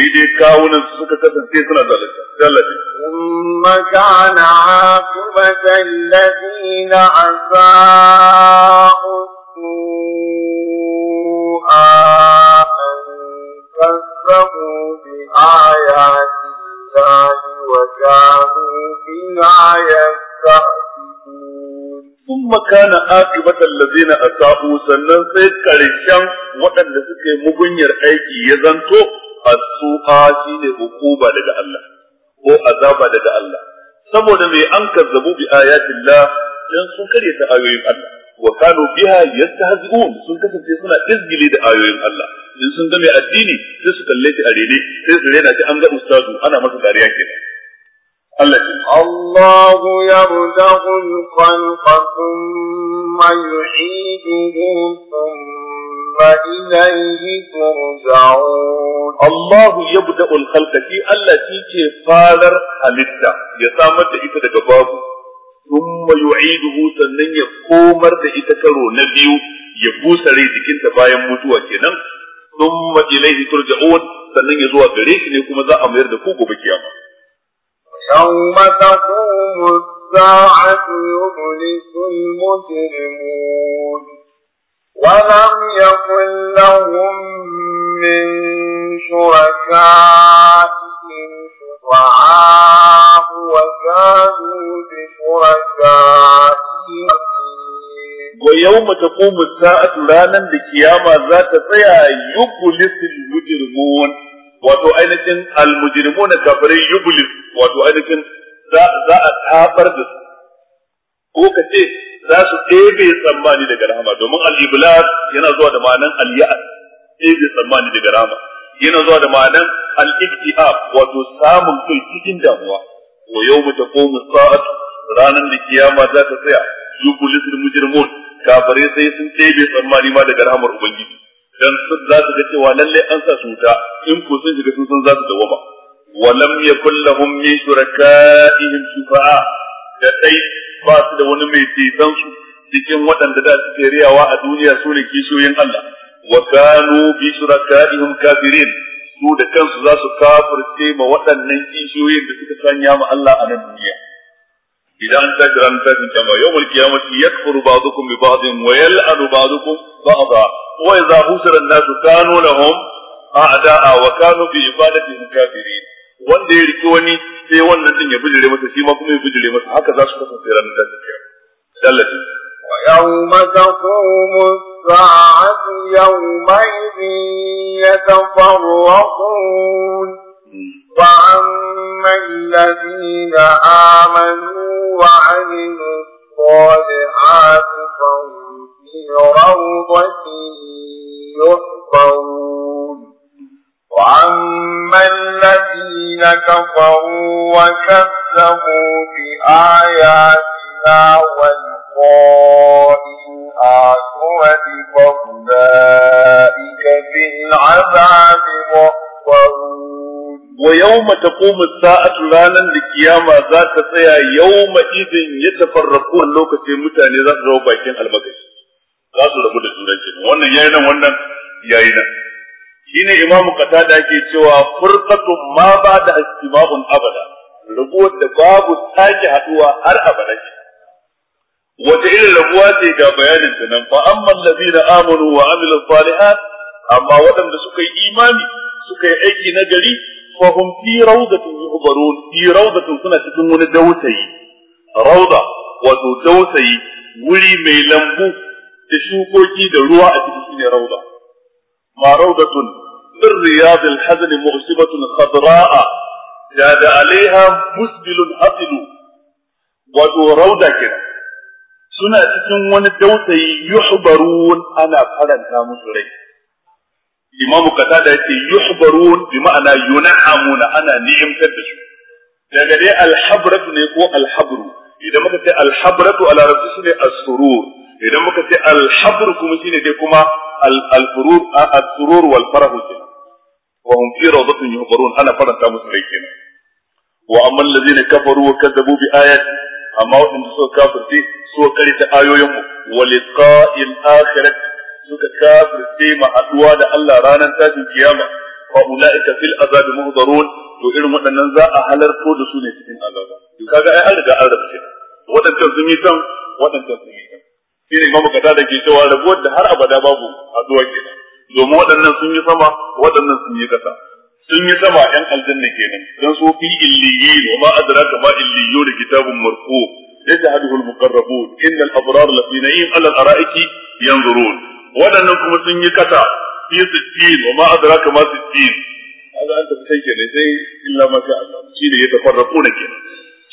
إيدي كاونا سكة تسنا ذلك ذلك ثم كان عاقبة الذين أساءوا السوء أن كذبوا بآيات الله وكانوا بما يستهزئون Sun makana كان matallazi na Asa'u, sannan sai ƙarshen waɗanda suke mugunyar aiki ya zanto as-su'a shine hukuma daga Allah ko azaba daga Allah saboda mai an kazzabu bi ayatillah dan sun kare ta ayoyin Allah wa kanu biha yastahzi'un sun kasance suna izgili da ayoyin Allah in sun ga mai addini sai su kalle shi a rene sai su rena shi an ga ustazu ana masa dariya kenan الله يرزق الخلق ثم يعيده ثم إليه ترجعون الله يبدأ الخلق في التي كفالر حلتا يسامت إذا دقباب ثم يعيده سنن يقومر إذا كرو نبيو يبوس ريزك انت بايا متوى كنن ثم إليه ترجعون sannan ya zuwa gare shi ne kuma za a mayar da ku gobe kiyama يوم تقوم الساعة يبلس المجرمون ولم يكن لهم من شركائهم شفعاء وكانوا بشركائهم ويوم تقوم الساعة رانا لكياما ذات فيها يبلس المجرمون wato ainihin almujrimuna kafirai yublis wato ainihin za a tabar da su ko ka ce za su ɗebe tsammani daga rahama domin al-iblas yana zuwa da ma'anan al-ya'ad ɗebe tsammani daga rahama yana zuwa da ma'anan al-ibtiab wato samun kai cikin damuwa wa yawma taqumu sa'at ranan da kiyama za ta tsaya yubulisul mujrimun kafare sai sun ɗebe tsammani ma daga rahamar ubangiji dan za su ga cewa lalle an sa su wuta in ko sun shiga sun san za su dawama ولم يكن لهم من شركائهم شفعاء da dai ba su da wani mai ceton su cikin waɗanda da suke riyawa a duniya su ne kishiyoyin Allah wa kanu bi shurakaihim kafirin su da kansu za su kafirce ma waɗannan kishiyoyin da suka sanya ma Allah a nan duniya idan an tashi ranar tashin kama yawmul kafirin wanda ya riki wani sai wannan din ya bijire masa shi ma kuma ya bijire masa haka za su kasance ranar da take sallati ويوم تقوم الساعة يومئذ يتفرقون فأما الذين آمنوا وعملوا الصالحات فهم في روضة يحفرون وأما الذين كفروا وكذبوا بآياتنا ولقاء الآخرة فأولئك في العذاب محضرون ويوم تقوم الساعة رانا لقيامة ذات سيا يوم إذن يتفرقون لوكة متاني ذات روبا كين المكش ذات ربو لجنة wannan yayi nan wannan yayi shine imam qatada ke cewa furqatun ma ba da istima'un abada rabuwar da babu sake haduwa har abada wata irin rabuwa ce ga bayanin ta nan fa amma allazina amanu wa amilu salihat amma waɗanda suka yi imani suka yi aiki na gari fa hum fi rawdatin yuhbarun fi rawdatin suna cikin wani dausayi, rawda wato dausayi wuri mai lambu da shukoki da ruwa a cikin shine rawda ما روضة من رياض الحزن مغصبة خضراء جاد عليها مسبل حقل wato rauda kenan suna cikin wani dausayi yuhbarun ana faranta musu rai imam qatada yace yuhbarun bi ma'ana yun'amuna ana ni'imtar da su daga alhabratu ne ko alhabru idan muka ce alhabratu a rabbi shine as idan muka ce al-habr kuma shine dai kuma al-furur as-surur wal farah kenan wa hum fi rawdatin yuhbarun ana faranta musu rai kenan wa amma allazina kafaru wa kadzabu bi ayati amma wadanda suka kafirce suka karita ayoyin mu wa liqa'il akhirah suka kafirce ma haduwa da Allah ranar tashin kiyama fa ulaika fil azab muhdarun to irin waɗannan za a halarto da su ne cikin azaba to kaga ai an riga an rabu kenan waɗannan sun yi san. waɗancan sun shi ne babu kaza da ke cewa rabuwar da har abada babu a zuwa ke. domin waɗannan sun yi sama waɗannan sun yi ƙasa sun yi sama 'yan aljanna kenan dan so fi illiyin wa ma adraka ma illiyu da kitabun marfu yajhaduhu al-muqarrabun inna al-abrar lafi na'im ala al-ara'iki yanzurun waɗannan kuma sun yi ƙasa fi sittin wa ma adraka ma sittin kaga an tafi sai kenan sai illa ma sha Allah shi ne ya tafarraku ne kenan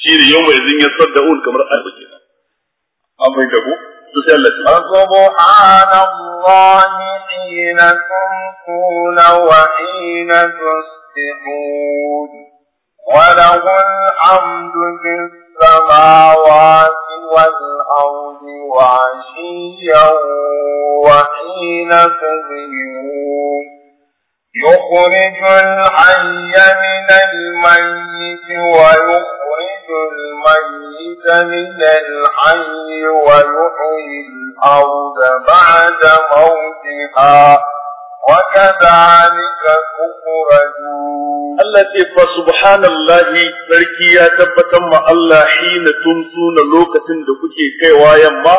shi ne yawma idzin yasaddaqun kamar arba kenan an fahimta ko فسبحان الله حين تمسون وحين تصبحون وله الحمد في السماوات والأرض وعشيا وحين تزيون يخرج الحي من الميت ويخرج الميت من الحي ويحيي الأرض بعد موتها وكذلك تخرجون التي فسبحان الله تركي يا تبتم الله حين تمسون لوكة دكتي كي ويما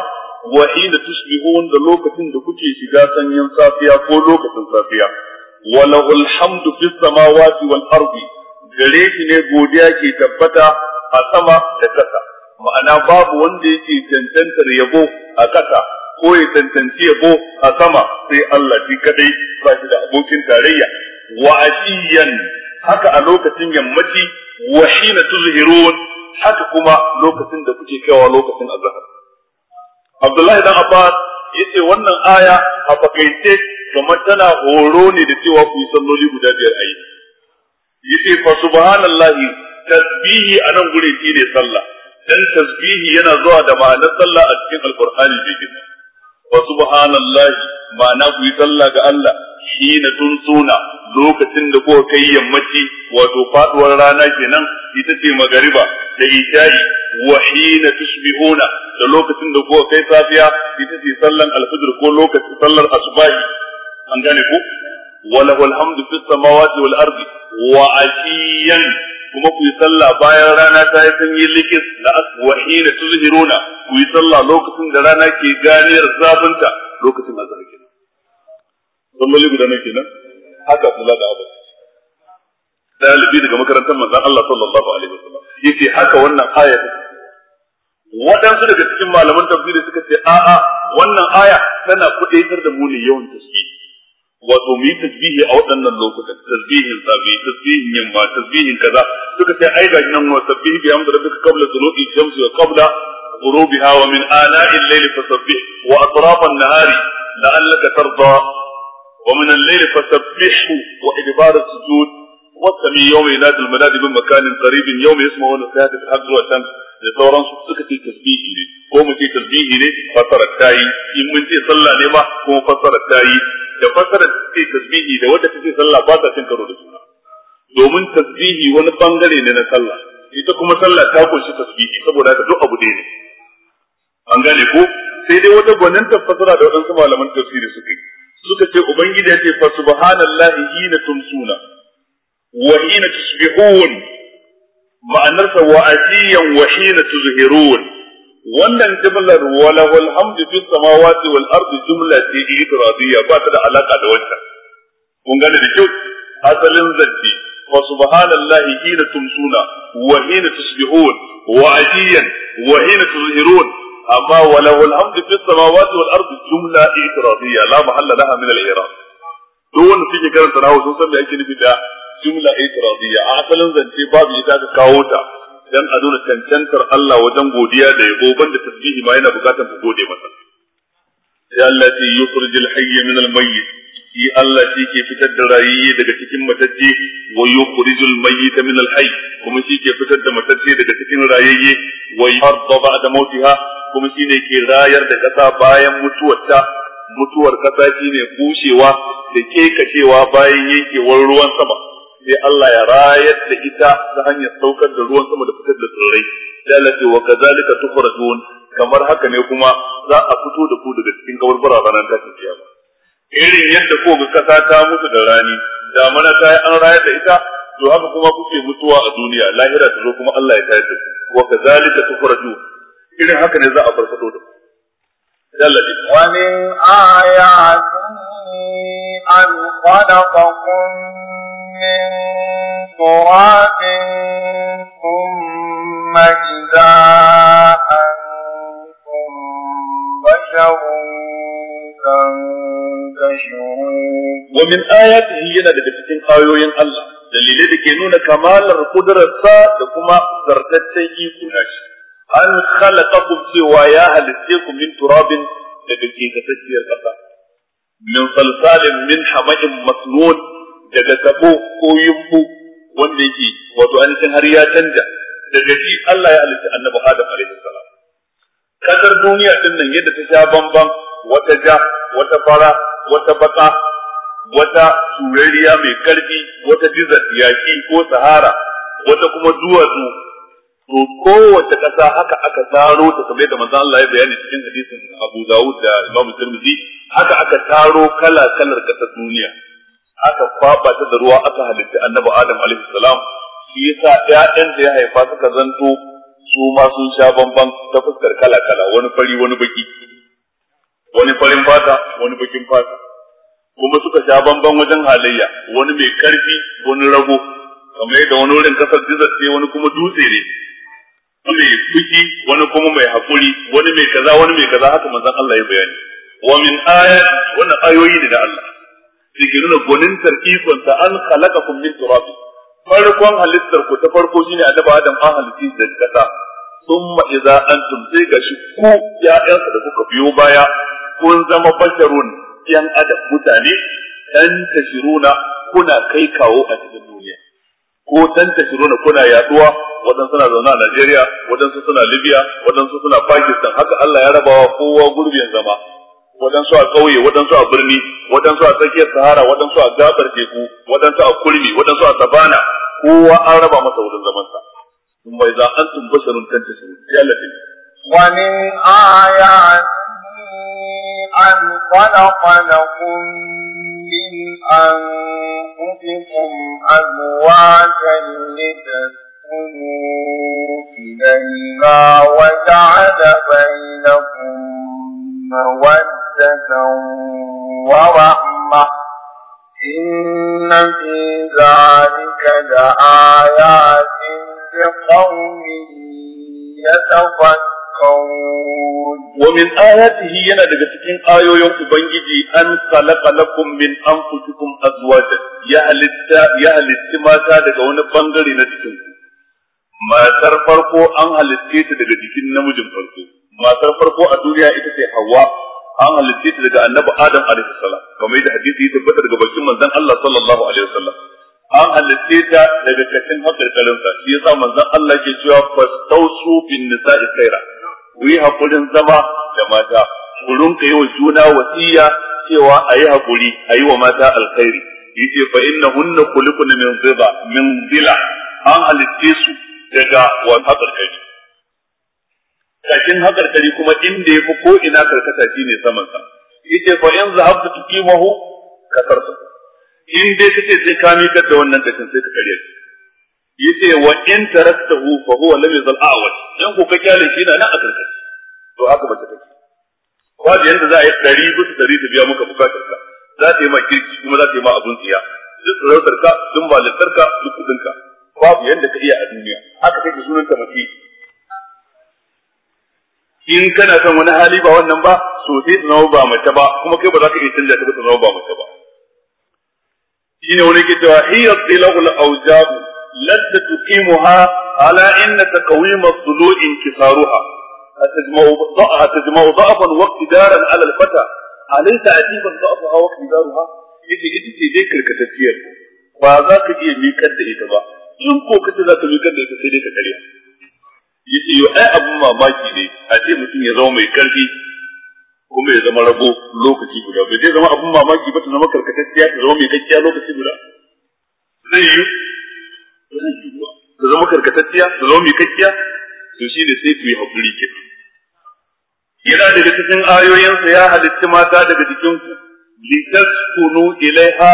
وحين تصبحون لوكة دكتي شجاسا ينصافيا فو لوكة صافيا wa alhamdu hamdu fis samawati wal ardi gare shi ne godiya ke tabbata a sama da kasa. ma'ana babu wanda yake cancantar yabo a kasa, ko ya cancanci yabo a sama sai Allah ji kadai ba shi da abokin tarayya wa ashiyan haka a lokacin yammaci wa hina tuzhirun haka kuma lokacin da kuke kaiwa lokacin azhar Abdullahi dan Abbas yace wannan aya a fakaice kamar tana horo ne da cewa ku yi salloli guda biyar a yi ce fa subhanallahi tasbihi anan gure shi ne sallah dan tasbihi yana zuwa da ma'anar sallah a cikin alkur'ani da gina fa subhanallahi ma'ana ku yi sallah ga Allah hina tunsuna lokacin da kuka kai yammaci wato faduwar rana kenan ita ce magariba da isha'i wa hina tusbihuna da lokacin da kuka kai safiya ita ce sallan alfajr ko lokacin sallar asbahi an gane ku وله الحمد في السماوات والأرض وعشيا kuma ku yi sallah bayan rana ta yi sanyi likis da aswahi na tuzhiruna ku yi sallah lokacin da rana ke ganiyar zabinta lokacin azhar kenan salloli guda nan kenan haka kula da abu dalibi daga makarantar manzon Allah sallallahu alaihi wasallam yace haka wannan aya ta waɗansu daga cikin malaman tafsiri suka ce a'a wannan aya tana kuɗaitar da mu ne yawan tasbih wato mu yi tasbihi a waɗannan lokutan tasbihin sabi tasbihin yamma tasbihin kaza suka ce ai ga nan wa tasbihi bi amri rabbika qabla tulu'i shamsi wa qabla ghurubiha wa min ana'il layli fasabbih wa atraf an-nahari la'allaka tarda wa min al-layli fasabbihu wa idbar as-sujud wa sami yawmi ila al-madad bi makanin qaribin yawmi yasma'una sayati al-hamd wa shams da sauransu suka ce tasbihi ne ko mu ce tasbihi ne fasara ta yi in mun ce sallah ne ma ko fasara ta yi da fasara ce tasbihi da wanda ta ce sallah ba ta cin karo da juna domin tasbihi wani bangare ne na sallah ita kuma sallah ta kunshi tasbihi saboda haka duk abu ne an gane ko sai dai wata gwaninta fasara da waɗansu malaman tafsiri suka yi suka ce ubangiji ya ce fa subhanallahi hina tumsuna wa hina tusbihun ma'anarsa wa ajiyan wa hina tuzhirun wannan jumlar wa lahul hamdu fis samawati wal ardi jumla ce ifradiyya ba ta da alaka da wancan. kun gane da kyau asalin zanti wa subhanallahi hina tumsuna wa hina tusbihun wa ajiyan wa hina tuzhirun amma wa lahul hamdu fis samawati wal ardi jumla ifradiyya la mahalla laha min al-i'rab duk wanda suke karanta nawo sun san me ake nufi da jumla itiradiyya a asalin zance babu ita ka kawo ta dan a nuna cancantar Allah wajen godiya da yabo banda tasbihi ma yana bukatar ku gode masa ya Allah ti yukhrijul hayya min al mayyit shi Allah shi ke fitar da rayayye daga cikin matacce wa yukhrijul mayyita min al hayy kuma shi ke fitar da matacce daga cikin rayayye wa yarda ba'da mautiha kuma shi ne ke rayar da kasa bayan mutuwarta mutuwar kasa ne bushewa da kekacewa bayan yankewar ruwan sama sai Allah ya rayar da ita ta hanyar saukar da ruwan sama da fitar da tsirrai da lalace wa kazalika tukhrajun kamar haka ne kuma za a fito da ku daga cikin kaburbura ranar tashin kiyama irin yadda ko ga kasa ta mutu da rani Da mana ta yi an rayar da ita to haka kuma kuke mutuwa a duniya lahira ta zo kuma Allah ya ku. wa kazalika tukhrajun irin haka ne za a farfado da ku lalace wa min ayati an khalaqakum من صراط ثم إذا أنتم بشر تنتشرون ومن آياته ينادي بسكين قايو ين الله دليل نون كمال القدرة سا لكما زرتت سيكون أن خلقكم سوايا هل من تراب لبكي تفسير من صلصال من حمج مسنون daga sabo ko yumbu wanda yake wato ainihin har ya canja daga shi Allah ya halitta annabi Adam alaihi salam kadar duniya din nan yadda ta sha bamban wata ja wata fara wata baka wata turariya mai karfi wata dizar yaki ko sahara wata kuma duwatsu to kowace kasa haka aka taro ta kamar da manzon Allah ya bayani cikin hadisin Abu Dawud da Imam Tirmidhi haka aka taro kala kalar kasar duniya aka kwaba ta da ruwa aka halitta annabi adam alaihi salam shi yasa ƴaƴan da ya haifa suka zanto su ma sun sha bamban ta fuskar kala kala wani fari wani baki wani farin fata wani bakin fata kuma suka sha bamban wajen halayya wani mai karfi wani rago kamar yadda wani wurin kasar dizar ce wani kuma dutse ne mai fuki wani kuma mai hakuri wani mai kaza wani mai kaza haka manzon Allah ya bayani wa min ayat wannan ayoyi ne da Allah dake nuna gonintar ikonsa an kun min turabi farkon halittar ku ta farko shine annabi adam an halitti da kasa thumma idza antum sai gashi ku ya'yansa da kuka biyo baya kun zama basharun yan adam mutane dan tashiruna kuna kai kawo a cikin duniya ko dan tashiruna kuna yaduwa wadansu suna zaune a Najeriya wadansu suna Libya wadansu suna Pakistan haka Allah ya rabawa kowa gurbin zama waɗansu a ƙauye waɗansu a birni waɗansu a tsakiyar sahara waɗansu a gabar teku waɗansu a kulmi waɗansu a sabana kowa an raba masa wurin zamansa sun bai za an tun basarun kanta su ne ya lafi wani aya an falafa na kun min an kudikun azuwajen litan kunu idan ga wata adabai na kunu. مودة ورحمة إن في ذلك لآيات لقوم يتفكرون ومن آياته ينا دقتكين آيو يوم بنجي أن خلق لكم من أنفسكم أزواجا يهل التماتا دقون بنجري نتكم matar farko an halitte ta daga jikin namijin farko matar farko a duniya ita ce Hauwa. an halitta ta daga annabi Adam alaihi salam kamar yadda hadisi ya tabbata daga bakin manzon Allah sallallahu alaihi wasallam an halitta ta daga kashin hakarkarin sa shi yasa manzon Allah ke cewa fastausu bin nisa'i khaira ku yi hakurin zama da mata ku rinka wa juna wasiya cewa ayi hakuri a yi wa mata alkhairi yace fa innahunna khuliqna min ziba min zila an halitta su daga wa hakarkari kashin haƙarƙari kuma inda ya fi ko ina karkata shi ne saman sa yace fa in zahabtu tuqimahu kasarta in dai kace sai ka miƙar da wannan kashin sai ka kare shi yace wa in taraktahu fa huwa lam yazal a'waj dan ko ka kyale shi na nan a karkace to haka ba ta take ba da yanda za a yi dari bisa dari ta biya muka bukatar ka za ta yi ma kirki kuma za ta yi ma abun tsiya duk sarautar ka duk malintar ka duk kudin ka babu yanda ka iya a duniya haka take sunanta mace in kana son wani hali ba wannan ba to sai ta zama ba mace ba kuma kai ba za ka iya canja ta ba zama ba mace ba shine wani ke cewa hiya tilahul awjab ladda tuqimuha ala inna taqwim as-sulu' inkisaruha تجمع تجمع ضعفا واقتدارا على الفتى أليس عجيبا ضعفها واقتدارها؟ يجي يجي ديك الكتفير ba za ka iya mikar da ita ba in ko kace za ka mikar da ita sai dai ka karya yace yo ai abun mamaki ne a ce mutum ya zama mai karfi kuma ya zama rabo lokaci guda bai zai zama abun mamaki ba ta zama karkatacciya ta zama mai kakkiya lokaci guda zai yi ta zama karkatacciya ta zama mai kakkiya to shi ne sai ku yi hakuri ke yana daga cikin ayoyinsa ya halitta mata daga jikinku kunu ilaiha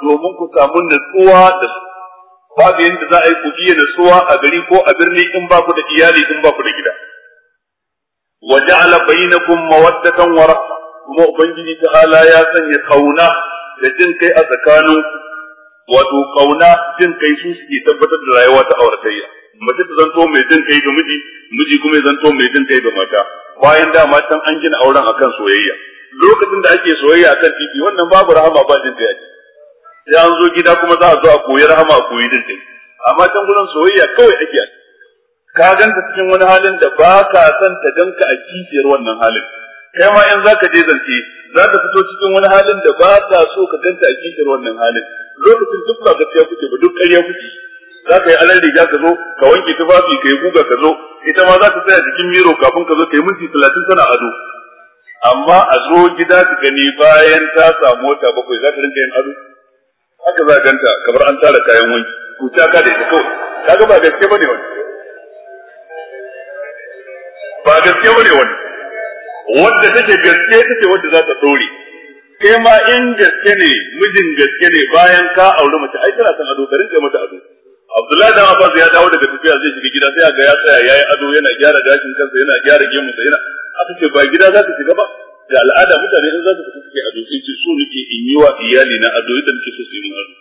domin ku samu natsuwa da su babu yadda za a yi ku iya nutsuwa a gari ko a birni in ba ku da iyali in ba ku da gida wa ja'ala bainakum mawaddatan wa rahma kuma ubangiji ya sanya kauna da jin kai a tsakanin wato kauna jin kai su suke tabbatar da rayuwa ta auratayya mace ta zanto mai jin kai ga miji miji kuma ya zanto mai jin kai ga mata bayan dama can an gina auren akan soyayya lokacin da ake soyayya akan titi wannan babu rahama ba jin kai a ciki sai an zo gida kuma za a zo a koyi rahama a koyi dindin amma can gudun soyayya kawai ake ka ganta cikin wani halin da ba ka son ta ganka a kishiyar wannan halin kai ma in zaka je zance za ta fito cikin wani halin da ba ta so ka ganta a kishiyar wannan halin lokacin duk ba gaskiya kuke ba duk ƙarya kuke za ka yi alar riga ka zo ka wanke tufafi ka yi guga ka zo ita ma za ta tsaya jikin miro kafin ka zo ka yi minti talatin tana ado amma a zo gida ka gani bayan ta samu wata bakwai za ka rinka yin ado haka za a ganta kamar an tara kayan wanki ku ka da ita kawai ga ba gaske ba ne wani ba gaske ba ne wani wanda take gaske ce wanda za ta dore ke ma in gaske ne mijin gaske ne bayan ka auri mace ai tana san ado garin kai mata ado Abdullahi dan Abbas ya dawo daga tafiya zai shiga gida sai ga ya tsaya yayi ado yana gyara gashin kansa yana gyara gemunsa yana aka ce ba gida za ta shiga ba da al'ada mutane sun za fita suke ado sai ce so nake in yi wa iyali na ado idan nake so su yi min ado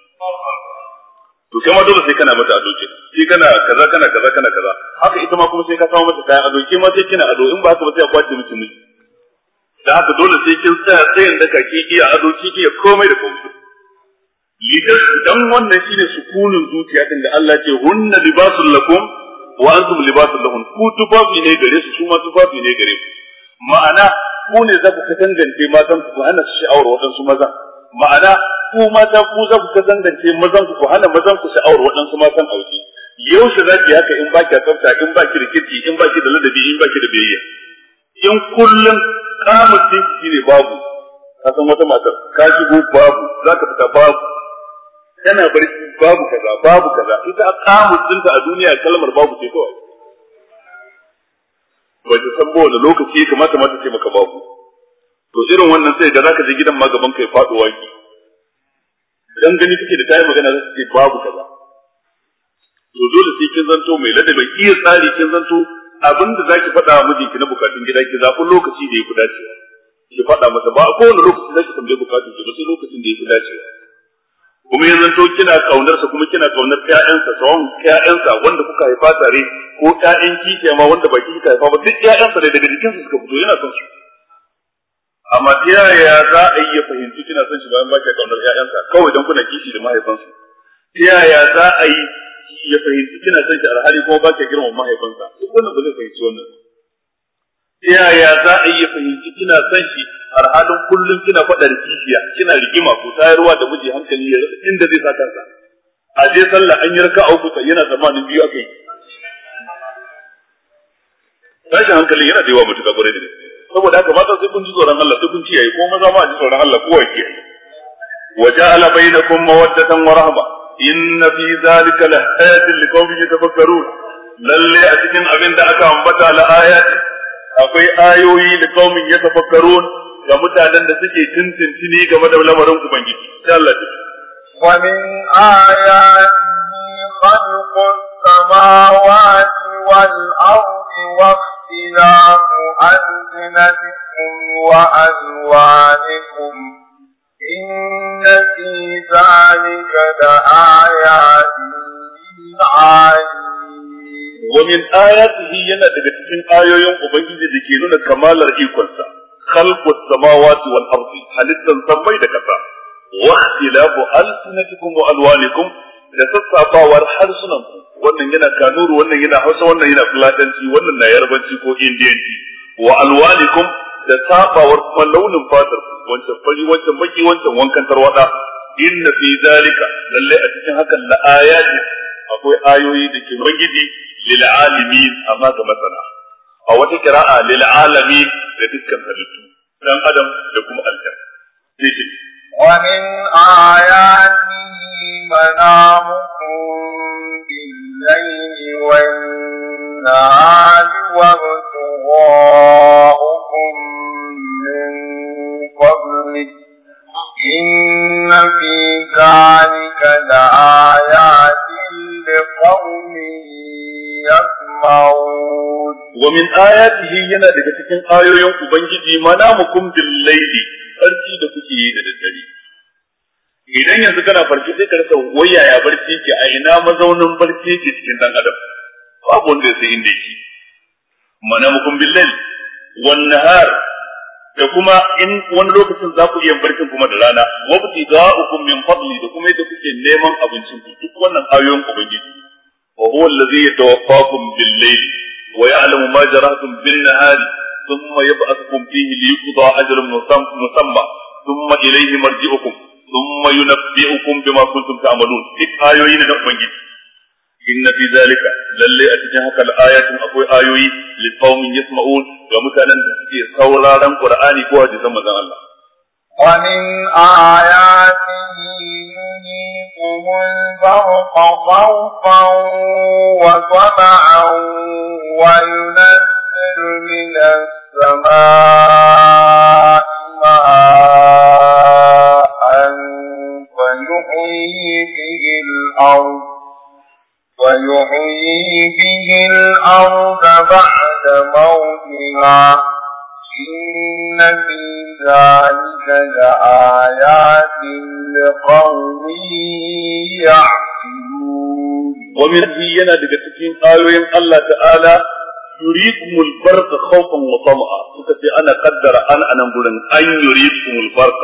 to kai ma dole sai kana mata ado ce sai kana kaza kana kaza kana kaza haka ita ma kuma sai ka samu mata kayan ado ke ma sai kina ado in ba haka ba sai a kwace miki miji da haka dole sai kin tsaya tsayin da kake iya ado ki iya komai da komai lidan dan wannan shine sukunin zuciya din da Allah ce hunna libasul lakum wa antum libasul lahun ku tufafi ne gare su su ma tufafi ne gare ku ma'ana ku ne za ku katangance matan ku hana su sha'awar waɗansu mazan ma'ana ku mata ku za ku katangance mazan ku hana mazan ku sha'awar waɗansu matan aure yaushe za ki haka in baki tsafta in baki rikici in baki da ladabi in baki da biyayya in kullum kamun dinki shine babu ka san wata matar ka shigo babu za ka fita babu tana barci babu kaza babu kaza ita kamun dinta a duniya kalmar babu ce kawai ba ta san wani lokaci ya kamata ma ta ce maka babu to irin wannan sai da za ka je gidan ma gaban kai faduwa ki dan gani kake da tayi magana zaka ce babu kaza to dole sai kin zanto mai ladabi iya tsari kin zanto abin za zaki faɗa mijinki na bukatun gida ki zaɓi lokaci da ya fi dacewa ki faɗa masa ba a kowane lokaci zaki tambaye bukatun ki ba sai lokacin da ya fi dacewa kuma yanzu to kina kaunarsa kuma kina kaunar ƴaƴansa sawan ƴaƴansa wanda kuka haifa tare ko ƴaƴan kike ma wanda ba kike haifa ba duk ƴaƴansa ne daga jikinsa suka fito yana son su amma yaya za a yi ya fahimci kina son shi bayan ba kaunar ƴaƴansa kawai dan kuna kishi da mahaifansa ta yaya za a yi ya fahimci kina son shi alhali kuma ba girma girmama mahaifansa duk wannan ba zai fahimci wannan ta yaya za a yi ya fahimci kina son shi har halin kullum kina faɗa da kishiya kina rigima ko tayarwa da miji hankali ya rasa inda zai sa kansa a je sallah an yi raka a uku yana zamanin biyu akai tashin hankali yana da yawa mutuka kwarai da saboda haka mata sai kun ji tsoron Allah sai kun kiyaye ko maza ma ji tsoron Allah kowa kiyaye wa ja'ala bainakum mawaddatan wa rahma inna fi zalika la ayatin liqawmin yatafakkarun lalle a cikin abin da aka ambata la ayat akwai ayoyi liqawmin yatafakkarun ga mutanen da suke tuntunci ne game da lamarin ubangiji sai Allah ya wa min ayati خلق السماوات والأرض واختلاف ألسنتكم وألوانكم إن في ذلك لآيات ومن آياته yana daga cikin ayoyin Ubangiji da ke nuna kamalar ikonsa. خلق السماوات والأرض halittar sammai da ƙasa wa ikhtilafu alsinatikum wa alwanikum da sassafawar harsunan wannan yana kanuru wannan yana hausa wannan yana fulatanci wannan na yarbanci ko indiyanci wa alwanikum da sabawar kuma launin fatar wancan fari wancan baki wancan wankan tarwada inna fi zalika lalle a cikin hakan la ayati akwai ayoyi da ke magidi lil alimin amma ga masana a wata kira'a lil alami da dukkan halittu dan adam da kuma aljan sai wa min ayati manamukum bil layli wan nahari إن في ذلك لآيات ومن آياته ينا daga cikin ayoyin ubangiji منامكم بالليل layli farki da kuke yi da daddare idan yanzu kana farki sai ka rasa waya ya barci ki a ina mazaunin barci ke cikin dan adam babu wanda sai inda yake wan nahar da kuma in wani lokacin za ku iya barkin kuma da rana wabti da'ukum min fadli da kuma yadda kuke neman abincin ku duk wannan ayoyin ubangiji wa huwa allazi yatawaffakum bil layli wa ya'lamu ma jarahtum bin nahari thumma yab'athukum fihi liyuqda ajrun musamma thumma ilayhi marji'ukum thumma yunabbi'ukum bima kuntum ta'malun duk ayoyi ne na ubangiji inna fi zalika lalle a cikin haka ayatin akwai ayoyi li qaumin yasma'un ga mutanen da suke sauraron qur'ani ko hadisan manzon Allah wa min ayatihi يُرِيكُمُ الْبَرْقَ خَوْفًا وَطَمَعًا وَيُنَزِّلُ مِنَ السَّمَاءِ مَاءً فَيُحْيِي بِهِ الْأَرْضَ ويحيي به الأرض بعد موتها إن في ذلك لآيات لقوم يعقلون ومن هينا قالوا إن الله تعالى يريكم البرق خوفا وطمعا سكتي أنا قدر أنا أنا أن يريكم البرق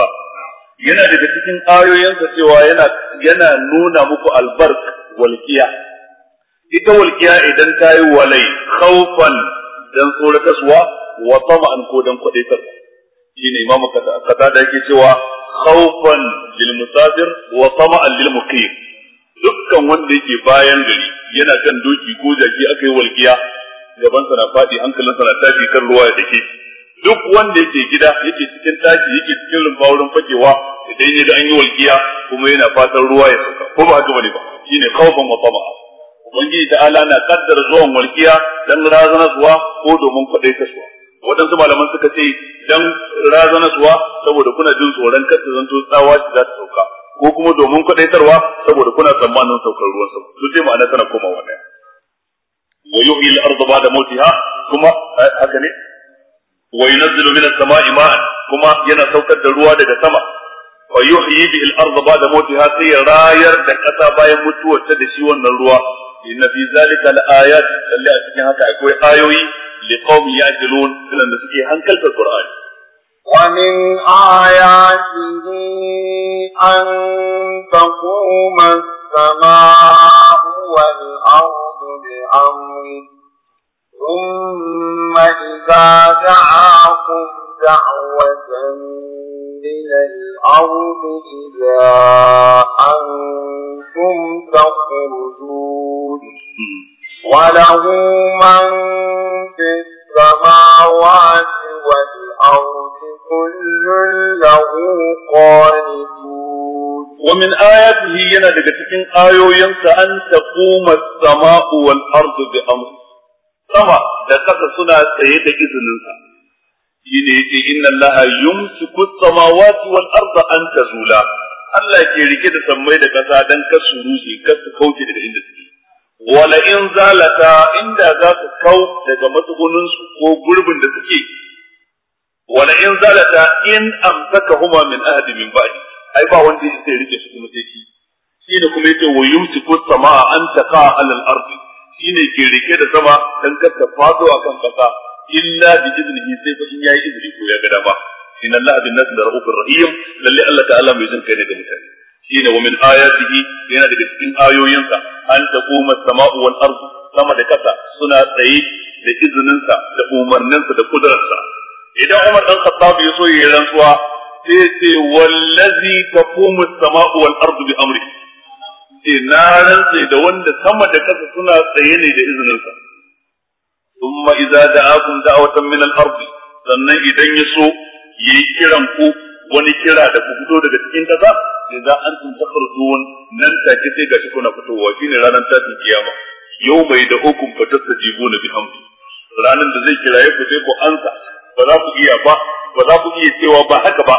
ينا لبتكين قالوا ayoyinsa cewa ينا yana nuna البرق albark ita walƙiya idan ta yi walai khawfan dan tsoratarwa wa tama'an ko dan kwadaitar shine imamu kata da yake cewa khawfan lil musafir wa tama'an lil muqim dukkan wanda yake bayan gari yana kan doki ko jaki aka yi walƙiya sa na faɗi hankalinsa na tashi kan ruwa ya take. duk wanda yake gida yake cikin tashi yake cikin rumfa wurin fakewa idan ya ga an yi walƙiya kuma yana fatan ruwa ya sauka ko ba haka bane ba shine khawfan wa tama'a ubangiji ala na kaddara zuwan walkiya dan razanarwa ko domin kwadai kasuwa waɗansu malaman suka ce dan razanarwa saboda kuna jin tsoron kar ta zanto tsawa ce za ta sauka ko kuma domin kwadaitarwa saboda kuna tsammanin saukar ruwan sama duk ce ma'ana tana komawa daya wa yuhyi al-ardu ba'da mawtiha kuma haka ne wa yunzilu minas sama'i ma'an kuma yana saukar da ruwa daga sama fa yuhyi bi al-ardu ba'da mawtiha sai rayar da kasa bayan mutuwar ta da shi wannan ruwa إن في ذلك الآيات اللي أتكي هكا آيوي لقوم يعجلون كلا نسكي هنكل في القرآن ومن آياته أن تقوم السماء والأرض بأمر ثم إذا دعاكم دعوة من الأرض إذا أنتم تخرجون وله من في السماوات والأرض كل له قانتون ومن آياته ينا لكتكين آيو ينسى أن تقوم السماء والأرض بأمر سما لقد سنة سيد إذن الله shine yake inna Allah yumsiku samawati wal an Allah ke rike da sammai da kasa dan kasu rushe kasu kauce daga inda suke wala in zalata inda za su kau daga matsugunin ko gurbin da suke wala in zalata in amsaka huma min ahadi min ba'di ai ba wanda yake rike su kuma sai shi ne kuma yake wa yumsiku samaa an taqa ala al-ardi shine ke rike da sama dan kar ta fado akan kasa illa bi iznihi sai fa in yayi izini ko ya ga dama inna allaha bin nas da rahim lalle allah ta'ala mai jin kai ne da mutane shine wa min ayatihi yana daga cikin ayoyinsa an taquma as-sama'u wal ardu sama da kasa suna tsaye da izininsa da umarninsa da kudurarsa idan Umar dan Khattab ya so rantsuwa sai ce wallazi taqumu samau wal ardu bi amri eh, da wanda sama da kasa suna tsaye ne da izininsa sannan idan ya so yayi kiran ku wani kira da ku daga cikin kasa idza antum takhrujun nan ta ke sai ga shi kuna fitowa shine ranar tashin kiyama yau bai da hukum fa tasjibuna bi hamdi ranar da zai kiraye ku sai ku ansa ba za ku iya ba ba za ku iya cewa ba haka ba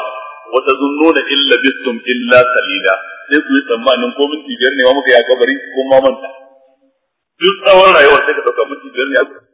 wa tazunnuna illa bistum illa qalila sai ku yi tsammanin ko minti biyar ne ma muka yi a kabari ko ma manta duk tsawon rayuwar sai ka dauka minti biyar ne